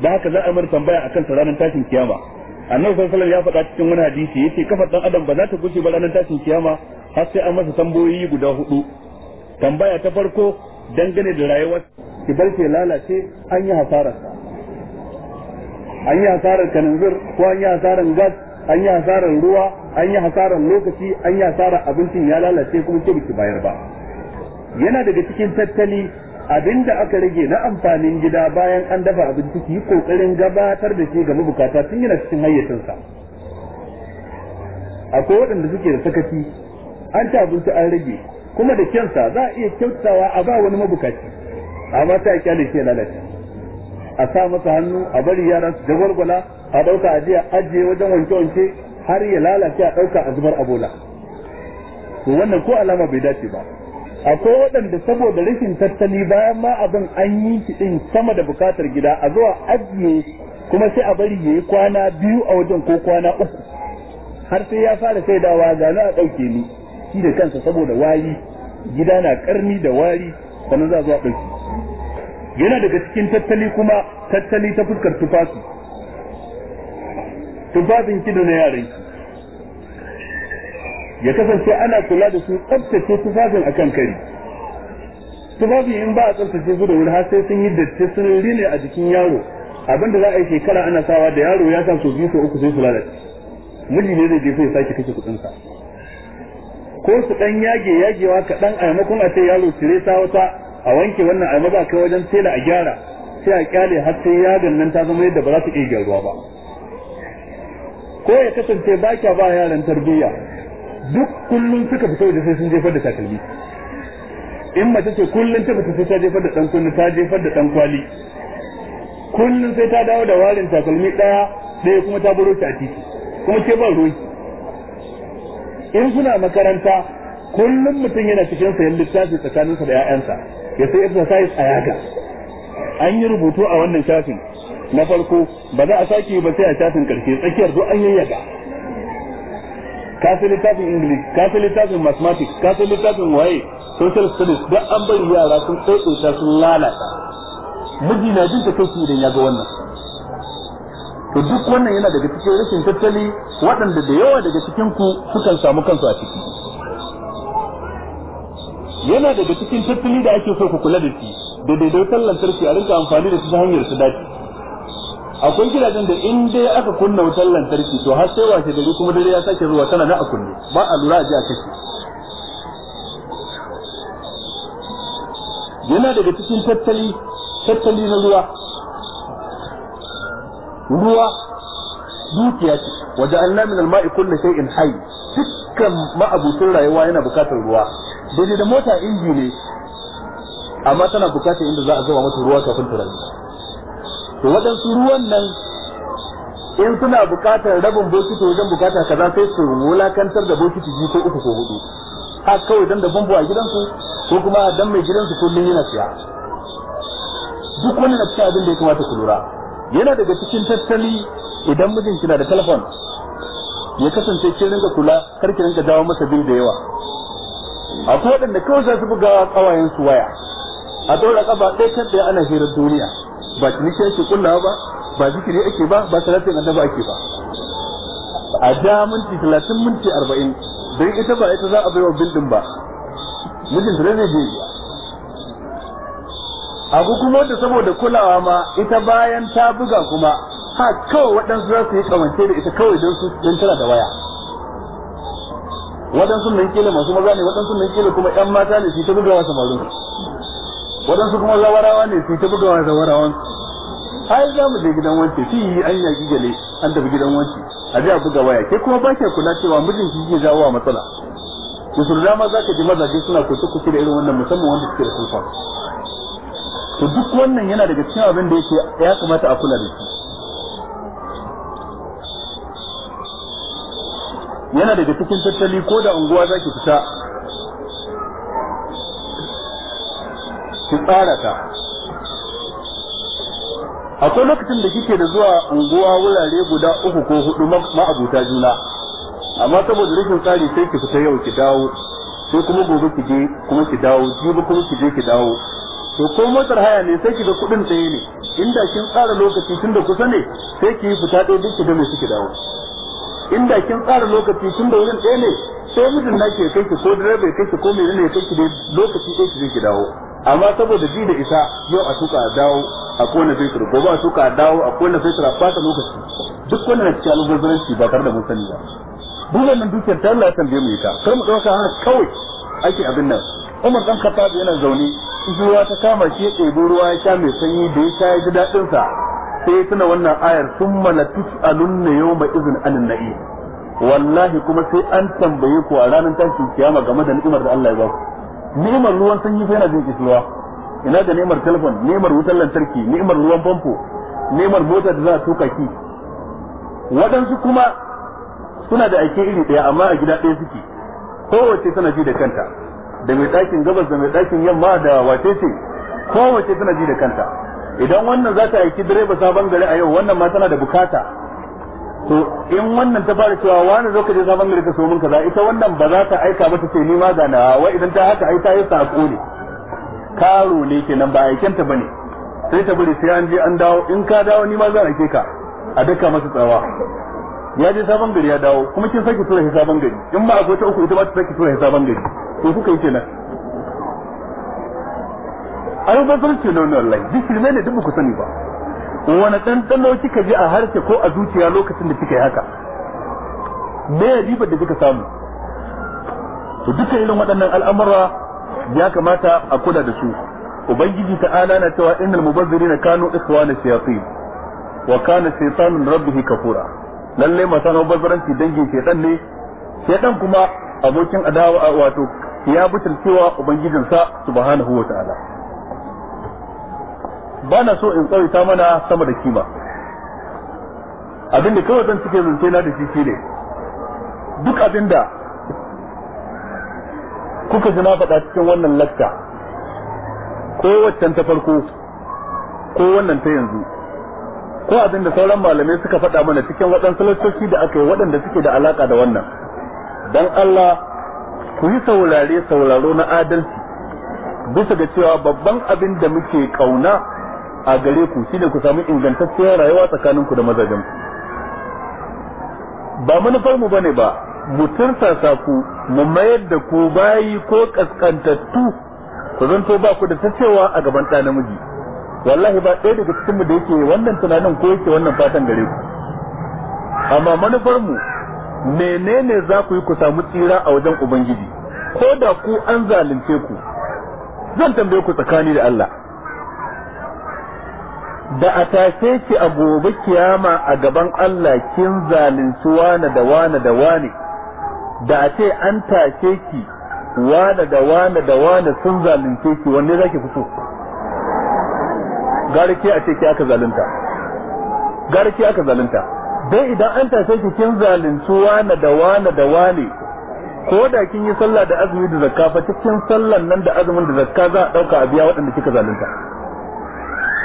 da haka za a mar tambaya akan sa ranar tashin kiyama annabi sallallahu alaihi ya faɗa cikin wani hadisi yace kafar dan adam ba za ta gushe ba ranar tashin kiyama har sai an masa tambayoyi guda hudu tambaya ta farko dangane da rayuwar ki bar ke lalace an yi hasarar ka an yi hasarar kananzir ko an yi hasarar gas an yi hasarar ruwa an yi hasarar lokaci an yi hasarar abincin ya lalace kuma ke biki bayar ba yana daga cikin tattali abinda aka rage na amfanin gida bayan an dafa abinci ki kokarin gabatar da shi ga mabukata tun yana cikin hayyacinsa akwai waɗanda suke da sakaci an ci abinci an rage kuma da kyansa za a iya kyautawa a ba wani mabukaci amma ta kyale shi lalace a sa masa hannu a bari yara su jagwalgwala a ɗauka ajiya ajiye wajen wanke-wanke har ya lalace a ɗauka a zubar abola to wannan ko alama bai dace ba akwai waɗanda saboda rashin tattali bayan ma abin an yi kiɗin sama da bukatar gida a zuwa ajiye kuma sai a bari ya yi kwana biyu a wajen ko kwana uku har sai ya fara sai dawa na a ɗauke ni shi da kansa saboda wari gida na karni da wari sannan za a zuwa ɗauki yana daga cikin tattali kuma tattali ta fuskar tufafi tufafin ki na yaran ki ya kasance ana kula da su tsabtace tufafin a kan kari tufafin in ba a tsabtace su da wuri har sai sun yi datti sun ne a jikin yaro abinda za a yi shekara ana sawa da yaro ya sa su biyu su uku sai su lalace miji ne zai je sai ya sake kashe kuɗin ko su dan yage yagewa kaɗan a maimakon a ce yaro cire ta wata a wanke wannan a maza kai wajen tela a gyara sai a kyale har sai yagan nan ta zama yadda ba za ta iya gyaruwa ba ko ya kasance ba kya ba yaran tarbiyya duk kullum suka fito da sai sun jefar da takalmi in mace ce kullum ta fita ta jefar da dan kunni ta jefar da dan kwali kullun sai ta dawo da warin takalmi daya daya kuma ta buro ta titi kuma ke ba ruwa in suna makaranta kullum mutum yana cikin sayan littafi tsakaninsa da 'ya'yansa ya sai exercise a yaga an yi rubutu a wannan shafin na farko ba za a sake ba sai a tafin karshe tsakiyar zo an yayyaga ka sai littafin english ka sai littafin mathematics ka sai littafin waye social studies duk an bari yara sun ta sun lalata miji na jin su idan ya ga wannan to duk wannan yana daga cikin rashin tattali waɗanda da yawa daga cikin ku sukan samu kansu a ciki yana daga cikin tattali da ake so ku kula da shi da daidaiton lantarki a rinka amfani da su ta hanyar su dace akwai gidajen da in dai aka kunna wutar lantarki to har sai wace dare kuma dare ya sake zuwa tana na a kunne ba a lura a ji a kashe yana daga cikin tattali tattali na ruwa ruwa dukiya ce waje an lamina alma'i kulle sai in hai dukkan ma'abutun rayuwa yana bukatar ruwa daidai da mota inji ne amma tana bukatar inda za a zama mata ruwa kafin ta rayu to waɗansu ruwan nan in suna buƙatar rabin bokiti wajen bukata kaza sai su wulakantar da bokiti biyu ko uku ko hudu har kawai dan da bambu a gidansu ko kuma dan mai gidansu kullum yana siya duk wani na cikin abin da ya kamata ku lura yana daga cikin tattali idan mijin kina da telefon ya kasance kin ringa kula kar ki rinka dawo masa bil da yawa akwai waɗanda kawai za su buga kawayen su waya a daura kaba ɗaya kan ɗaya ana hirar duniya ba cinishe shi kullawa ba ba zikiri ake ba ba salatin annaba ake ba a da minti talatin minti arba'in don ita ba ita za a baiwa bildin ba mijin da zai je abu kuma da saboda kulawa ma ita bayan ta buga kuma ha kawai waɗansu za su yi kamance da ita kawai don su don tana da waya waɗansu mai kila masu maza ne waɗansu mai kila kuma ƴan mata ne su ta buga bugawa samarin waɗansu kuma zawarawa ne su ta bugawa zawarawan ai za mu je gidan wance fi yi an yaƙi gale an tafi gidan wance a je a buga waya ke kuma ba ke kula cewa mijin ki ke jawo matsala musul dama za ka ji mazaje suna kusa kusa da irin wannan musamman wanda suke da sulfa to duk wannan yana daga cikin abin da yake ya kamata a kula da shi yana daga cikin tattali ko da unguwa za ki fita ki tsara ta akwai lokacin da kike da zuwa unguwa wurare guda uku ko hudu ma'abuta juna amma saboda rashin tsari sai ki fita yau ki dawo sai kuma gobe ki je kuma ki dawo jibi kuma ki je ki dawo to ko motar haya ne sai ki ga kudin tsaye ne inda kin tsara lokaci tun da kusa ne sai ki yi fita ɗaya duk ki ga mai suke dawo inda kin tsara lokaci tun da wurin ɗaya ne sai mutum na ke kai ki ko direba ya kai ki ko mai ne ya kai ki dai lokaci ɗaya ki je ki dawo amma saboda ji da isa yau a tuka dawo a kona fetur gobe a tuka a dawo a kona fetur a fata lokaci duk wanda na cikin albazaranci ba tare da mun sani ba dukkan nan dukiyar ta Allah ya tambaye mu ita kar mu dauka hana kawai ake abin nan Umar dan Khattab yana zaune ruwa ta kama shi ya ruwa ya sha mai sanyi da ya sha ya ji daɗin sa sai tuna wannan ayar summa la yau mai idhin anin na'im wallahi kuma sai an tambaye ku a ranar tashin kiyama game da ni'imar da Allah ya ba ku ni'imar ruwan sanyi fa yana jin kishirwa ina da ni'imar telefon ni'imar wutar lantarki ni'imar ruwan famfo ni'imar mota da za a tuka ki waɗansu kuma suna da aiki iri ɗaya amma a gida ɗaya suke kowace tana ji da kanta da mai ɗakin gabas da mai ɗakin yamma da wace ce kowace tana ji da kanta idan wannan za ta aiki direba sabon gari a yau wannan ma tana da bukata to in wannan ta fara cewa wani zo ka je sabon gari ka so mun kaza ita wannan ba za ta aika ba ta ce ni ma ga na wai idan ta haka ai ta yi sako ne karo ne kenan ba aiken ta bane sai ta bari sai an je an dawo in ka dawo ni ma zan aike ka a daka masa tsawa ya je sabon gari ya dawo kuma kin saki tura sabon gari in ba akwai ta uku ita ba ta saki tura sabon gari to kuka yi kenan ai ba zan ce nan wallahi duk ne duk ku sani ba wani ɗanɗano kika ji a harshe ko a zuciya lokacin da kika yi haka me ya ribar da kika samu to dukkan irin waɗannan al'amura ya kamata a kula da su ubangiji ta'ala na cewa innal mubazzirin kanu ikhwana shayatin wa kana shaytanu rabbihi kafura lalle masu mubazzaranci dangin shaytan ne shaytan kuma abokin adawa wato ya butulcewa ubangijinsa subhanahu wa ta'ala ba na so in tsawaita mana sama da kima abinda kawai zan cike zance na da shi ne, duk abinda kuka ji na faɗa cikin wannan lakka ko waccan ta farko ko wannan ta yanzu ko abin da sauran malamai suka faɗa mana cikin waɗansu lantarki da aka yi waɗanda suke da alaƙa da wannan don Allah ku yi saurare sauraro na adalci bisa ga cewa babban abin da muke ƙauna a gare ku shine ku samu ingantacciyar rayuwa tsakaninku da mazajen ku ba manufar mu bane ba mu tursasa ku mu mayar da ku bayi ko kaskantattu ku zanto ba ku da ta a gaban ɗa namiji wallahi ba ɗaya daga cikinmu da yake wannan tunanin ko yake wannan fatan gare ku amma manufar mu menene za ku yi ku samu tsira a wajen ubangiji ko da ku an zalunce ku zan tambaye ku tsakani da Allah da a tashe ki a gobe kiyama a gaban Allah kin zalunci wane da wane da wane da a ce an tashe ki wane da wane da wane sun zalunce ki wanne zaki fito gare a ce ki aka zalunta gare aka zalunta dan idan an tashe ki kin zalunci wane da wane da wane ko da kin yi sallah da azumi da zakka fa cikin sallan nan da azumin da zakka za a dauka a biya waɗanda kika zalunta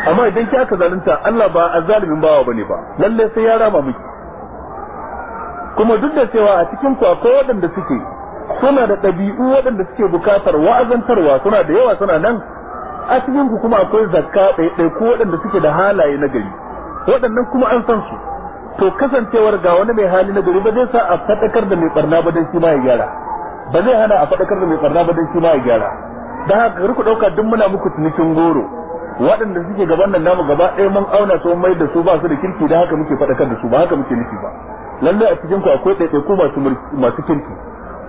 amma idan ki aka zalunta Allah ba azalimin bawa bane ba lalle sai ya rama miki kuma duk da cewa a cikin ku akwai waɗanda suke suna da ɗabi'u waɗanda suke bukatar wa'azantarwa suna da yawa suna nan a cikin ku kuma akwai zakka ɗaiɗai ko waɗanda suke da halaye na gari waɗannan kuma an san su to kasancewar ga wani mai hali na gari ba zai sa a faɗakar da mai barna ba dan shi ma ya gyara ba zai hana a faɗakar da mai barna ba dan shi ma ya gyara da haka ku ɗauka duk muna muku cinikin goro waɗanda suke gaban nan namu gaba ɗaya mun auna su mai da su ba su da kirki da haka muke kan da su ba haka muke nufi ba lalle a cikin ku akwai ɗaiɗaiku masu masu kirki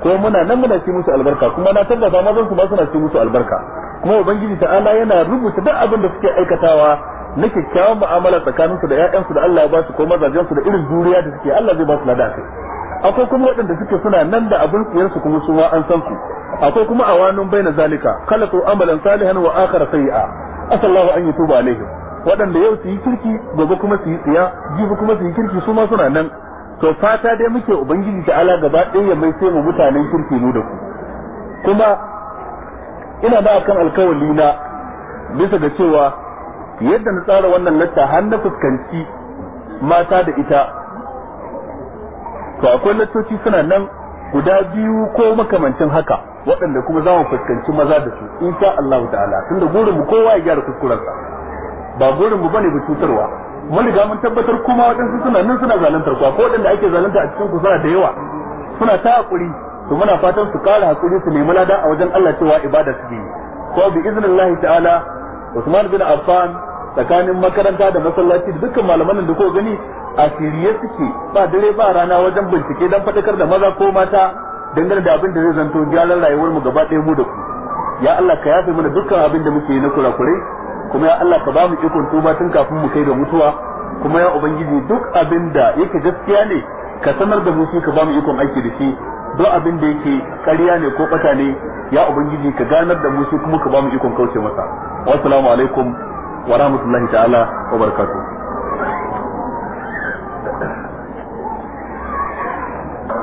ko muna nan muna ci musu albarka kuma na tabbata mazan su ba suna ci musu albarka kuma ubangiji ta'ala yana rubuta duk abin da suke aikatawa na kyakkyawan mu'amala tsakanin su da ƴaƴan su da Allah ya ba su ko mazajen su da irin juriya da suke Allah zai ba su lada akwai kuma waɗanda suke suna nan da abin tsiyar su kuma su an san su akwai kuma awanun na zalika khalaqu amalan salihan wa akhara sayi'a asallahu an tuba alaihim waɗanda yau su yi kirki gobe kuma su yi tsiya jibi kuma su yi kirki su ma suna nan to fata dai muke ubangiji ta ala gaba ɗaya ya mai sai mu mutanen kirki nu da ku kuma ina ba kan alkawali na bisa ga cewa yadda na tsara wannan latta har na fuskanci mata da ita to akwai lattoci suna nan guda biyu ko makamancin haka waɗanda kuma za mu fuskanci maza da su sha Allah ta'ala tunda gurin mu kowa ya gyara kuskurensa ba gurin mu bane ba cutarwa mun riga mun tabbatar kuma waɗansu suna nan suna zaluntar ku ko waɗanda ake zalunta a cikin kusa da yawa suna ta hakuri to muna fatan su ƙara hakuri su nemi lada a wajen Allah cewa ibada su yi ko bi iznillahi ta'ala Usman bin Affan tsakanin makaranta da masallaci dukkan malaman da ko gani a ya suke ba dare ba rana wajen bincike dan fadakar da maza ko mata dangane da abin da zai zanto gyaran rayuwar mu gaba ɗaya mu da ku ya Allah ka yafe mana dukkan abin da muke na kurakurai kuma ya Allah ka ba mu ikon tuba tun kafin mu kai ga mutuwa kuma ya ubangiji duk abin da yake gaskiya ne ka sanar da mu shi ka ba mu ikon aiki da shi duk abin da yake ƙarya ne ko ɓata ne ya ubangiji ka ganar da mu shi kuma ka ba mu ikon kauce masa wassalamu alaikum wa rahmatullahi ta'ala wa barakatuh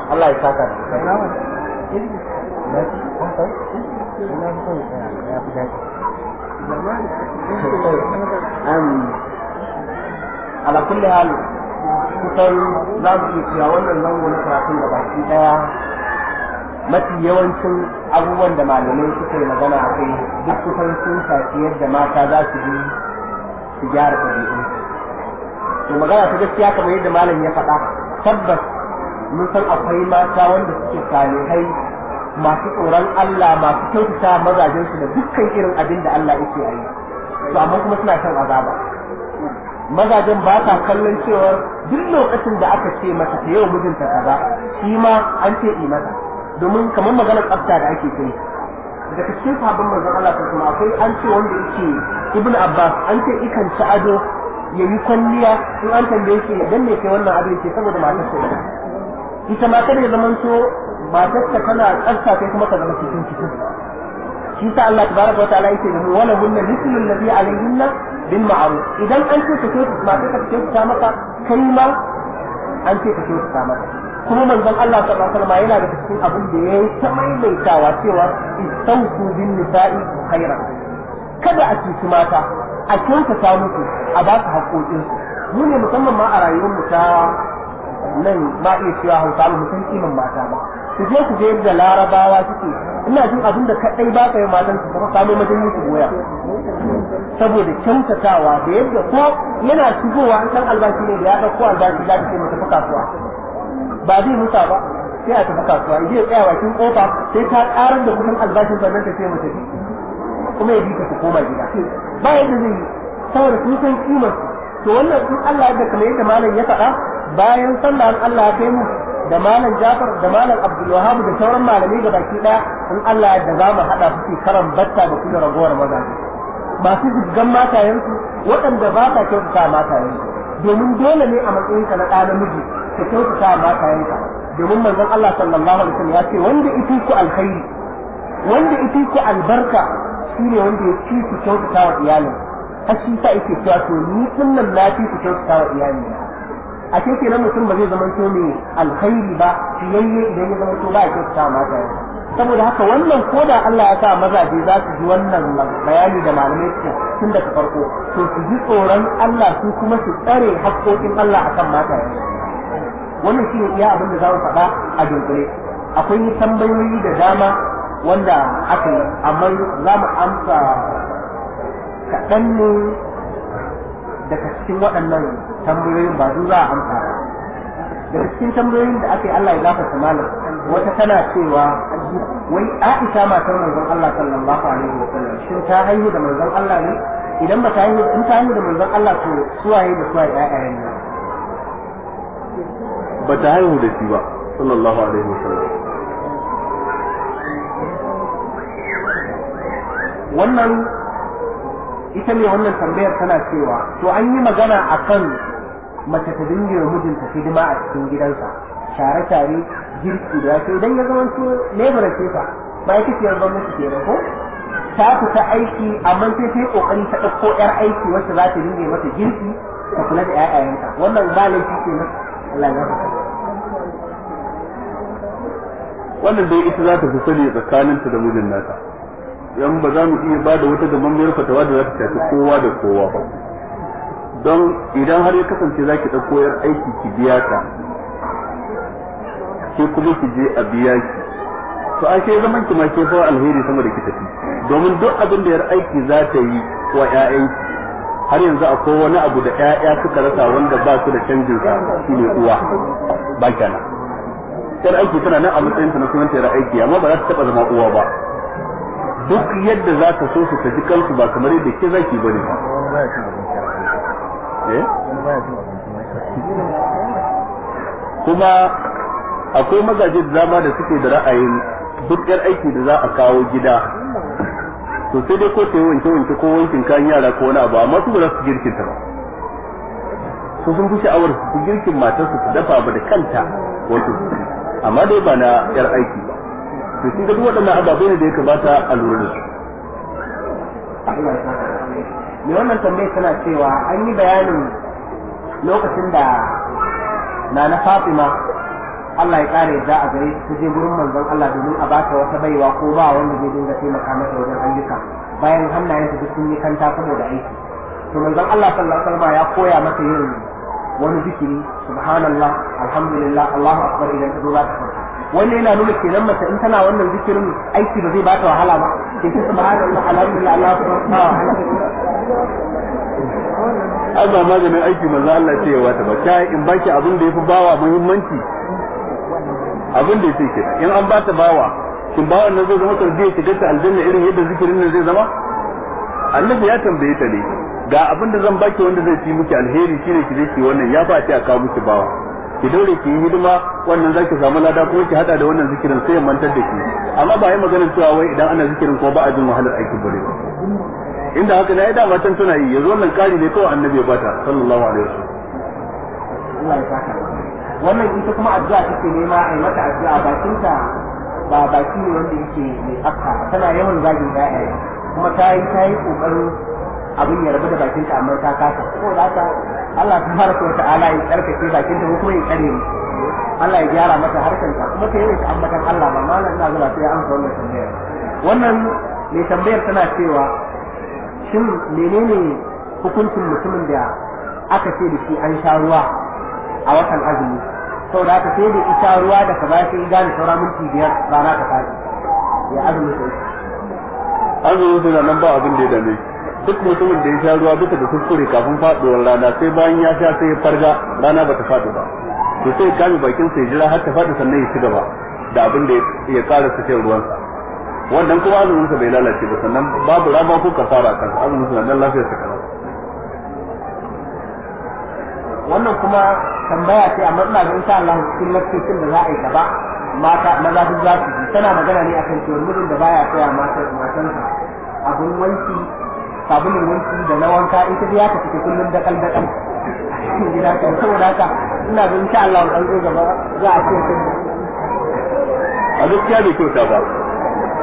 Allah ya saka ala kulli hal kusan za mu iya cewa wannan zango na karatun da baki daya mafi yawancin abubuwan da malamai suka yi magana a kai duk kusan sun shafi yadda mata za su yi su gyara ɗabi'un to magana ta gaskiya kamar yadda malam ya faɗa tabbas mun san akwai mata wanda suke salihai masu tsoron Allah masu kyautata mazajensu da dukkan irin abin da Allah yake yi to amma kuma suna shan azaba mazajen ba sa kallon cewa duk lokacin da aka ce mata ta yau mijinta kaza shi ma an ce mata domin kamar maganar tsafta da ake kai daga cikin sabon manzon Allah ta kuma akwai an ce wanda yake Ibn Abbas an ce ikan ci ado ya yi kwalliya in an tambaye shi dan me kai wannan ado yake saboda matar sa ita ma kada ya zamanto matar ta tana tsafta kai kuma ka zama cikin cikin shi sa Allah tabaraka wataala yake da mu wala hunna mithlu alladhi alayhinna bil ma'ruf idan an ce ka kai matar ka ta maka kai ma an ce ka kai ta maka kuma manzon Allah sallallahu alaihi wasallam yana da cikin abin da yayi ta maimaitawa cewa istausu bin nisa'i khairan kada a cuci mata a kyautata muku a ba su haƙoƙinsu mu ne musamman ma a rayuwar mu ta nan ma iya cewa hausa mu san kiman mata ba ku je ku je da larabawa suke ina jin abin da kadai ba ka yi matan su kuma samu majin musu goya saboda kyautatawa da yadda ko yana shigowa an san albashi ne da ya ɗauko albashi za ta ce mata kasuwa ba zai musa ba sai a tafi kasuwa idan ya tsaya bakin kofa sai ta karar da kudin albashin sannan ta ce mata bi kuma ya bi ta koma gida ba yadda zai yi saboda sun san kimar to wannan sun Allah yadda kamar yadda malam ya faɗa bayan sallah Allah ya kai mu da malam Jafar da malam Abdul Wahab da sauran malamai ga baki daya in Allah yadda za mu haɗa su karan batta da kuma ragowar maza masu ziggan matayensu waɗanda ba sa kyautata matayensu domin dole ne a matsayinka na ɗa namiji ka kyautata matayenka domin manzon Allah sallallahu alaihi wasallam ya ce wanda ifi ku alkhairi wanda ifi ku albarka shine wanda ya ci ku kyautata wa iyalin har shi sa yake to ni din nan na fi ku kyautata wa iyalin a ke kenan mutum ba zai zama to mai alkhairi ba fiyayye idan ya zama to ba ya kyautata wa matayenka saboda haka wannan ko da Allah ya sa mazaje za su ji wannan bayani da malamai su tun daga farko to su ji tsoron Allah su kuma su tsare haƙƙoƙin Allah akan mata wannan shi ne iya abin da za mu faɗa a dunkule akwai tambayoyi da dama wanda aka yi amma za mu amsa kaɗan ne daga cikin waɗannan tambayoyin ba za a amsa daga cikin tambayoyin da aka yi Allah ya gafarta malam wata tana cewa wai Aisha matar manzon Allah sallallahu alaihi wa sallam shin ta haihu da manzon Allah ne idan ba ta haihu in ta haihu da manzon Allah to suwaye da suwaye ƴaƴan nan ba ta haihu da shi ba sallallahu alaihi wa sallam wannan ita ne wannan tambayar tana cewa to an yi magana akan mace ta dinga mijinta hidima a cikin gidansa share-share girki da ke idan ya zama su laborer ce fa ba ya kike gwamnati ke ko ta fita aiki amma sai sai kokari ta dauko yar aiki wacce za ta dinga mata girki ta kula da ƴaƴayenta wannan ba laifi ke nan Allah ya wannan dai ita za ta fi sani tsakaninta da mijin nata yan ba za mu iya ba da wata gamammiyar fatawa da za ta shafi kowa da kowa ba don idan har ya kasance za ki ɗauko yar aiki ki biya ta sai kuma ki je a biya ki to a ke zaman ki ma ke fa alheri sama da ki tafi domin duk abin da yar aiki za ta yi wa ƴaƴan ki har yanzu akwai wani abu da ƴaƴa suka rasa wanda ba su da canjin sa shine uwa ba kenan yar aiki tana nan a matsayin ta na sunan yar aiki amma ba za ta taba zama uwa ba duk yadda za ta so su ta ji kansu ba kamar yadda ke zaki bane ba eh? kuma akwai mazaje da dama da suke da ra'ayin duk yar aiki da za a kawo gida to sai dai ko ta wanke wanke ko wankin kayan yara ko wani abu amma su ba za su girkin ta ba su sun fi sha'awar su girkin matar su dafa ba da kanta wato amma dai ba na yar aiki ba to sun ga duk waɗannan ababai ne da ya kamata a lura da su mai wannan tambayar tana cewa an yi bayanin lokacin da na na Fatima Allah ya kare da a gare ta je gurin manzon Allah domin a bata wata baiwa ko ba wanda zai dinga taimaka mata wajen ayyuka bayan hannayensa duk sun yi kanta kuma da aiki to manzon Allah sallallahu alaihi wasallam ya koya mata yin wani zikiri subhanallah alhamdulillah Allahu akbar idan ta zo za ta farka wanda yana nuna kenan mace in tana wannan zikirin aiki ba zai bata wahala ba ke ce subhanallah alhamdulillah Allahu akbar Allah maganin aiki manzo Allah ce ya wata ba kai in baki abin da yafi bawa muhimmanci Abinda da yake ke in an ba ta bawa shin bawan nan zai zama sanadiyar shigar ta aljanna irin yadda zikirin nan zai zama annabi ya tambaye ta ne ga abin da zan baki wanda zai ci miki alheri shine ki je ki wannan ya ba ta aka miki bawa ki dole ki yi hidima wannan zaki samu lada kuma ki hada da wannan zikirin sai ya mantar da ki amma ba yi maganar cewa wai idan ana zikirin ko ba a jin wahalar aikin bare inda haka na yi dama can tana yi yanzu wannan kari ne kawai annabi ya bata sallallahu alaihi wasallam wannan ita kuma addu'a take nema a yi mata addu'a bakin ta ba baki ne wanda yake mai haka. tana yawan zagin ya'ya kuma ta yi ta yi kokarin abin ya rabu da bakin ta amma ta kasa Ko za ta? Allah fara wa ta'ala ya karkace bakin ta ko kuma ya kare ni. Allah ya gyara mata harkan ta kuma ta yi ta ambatan Allah ba malam ina zuwa sai an wannan tambayar wannan mai tambayar tana cewa shin menene hukuncin mutumin da aka ce da shi an sha ruwa a watan azumi sau da aka sai da ita ruwa da ka baya sai gane saura minti biyar rana ta fadi ya azumi sai azumin sai nan ba abin da ya dame duk mutumin da ya sha ruwa bisa da kuskure kafin faɗuwar rana sai bayan ya sha sai ya farga rana ba ta fadi ba to sai kame bakin sai jira har ta faɗi sannan ya ci gaba da abin da ya ƙara su shan ruwansa wannan kuma azumin sa bai lalace ba sannan babu rama ko kasara kan azumin sa nan lafiyar sa wannan kuma tambaya ce amma ina ga insha Allah cikin lokacin da za a yi gaba mata maza su za su tana magana ne akan cewa mijin da baya koya mata sa abun wanki sabulun wanki da na wanka in ka biya ka fita kullum da kaldakan gida so saboda ka ina ga insha Allah an zo gaba za a ce a gaskiya bai kyauta ba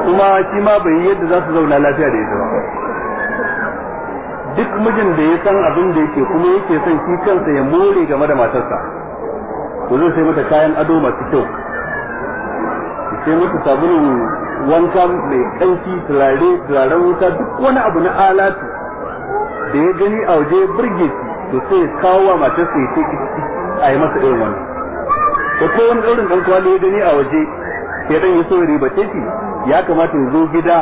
kuma shi ma bai yadda za su zauna lafiya da ita ba duk mijin da ya san abin da yake kuma yake son shi kansa ya more game da matarsa to zai sai mata kayan ado masu kyau sai mata sabulun wanka mai kanki turare turaren wuta duk wani abu na alatu da ya gani a waje burge shi to sai ya kawo wa matarsa ya ce a yi masa irin wani ko ko wani ɗaurin ɗan kwali ya gani a waje ya ɗan yi so riba ce ya kamata ya zo gida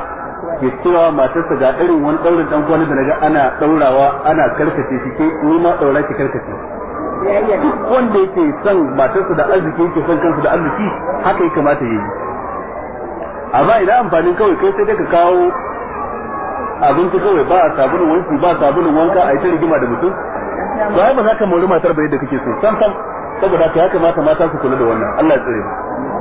ya cewa matarsa ga irin wani ɗaurin ɗan kwanu da naga ana ɗaurawa ana karkace shi ke ni ma ɗaura ki karkace duk wanda yake son matarsa da arziki yake son kansa da arziki haka ya kamata yi. amma ina amfanin kawai kai sai ka kawo abinci kawai ba sabulun wanki ba sabulun wanka a ta rigima da mutum ba ba za ka mori matar ba yadda kake so sam sam saboda ka ya kamata mata su kula da wannan Allah ya tsare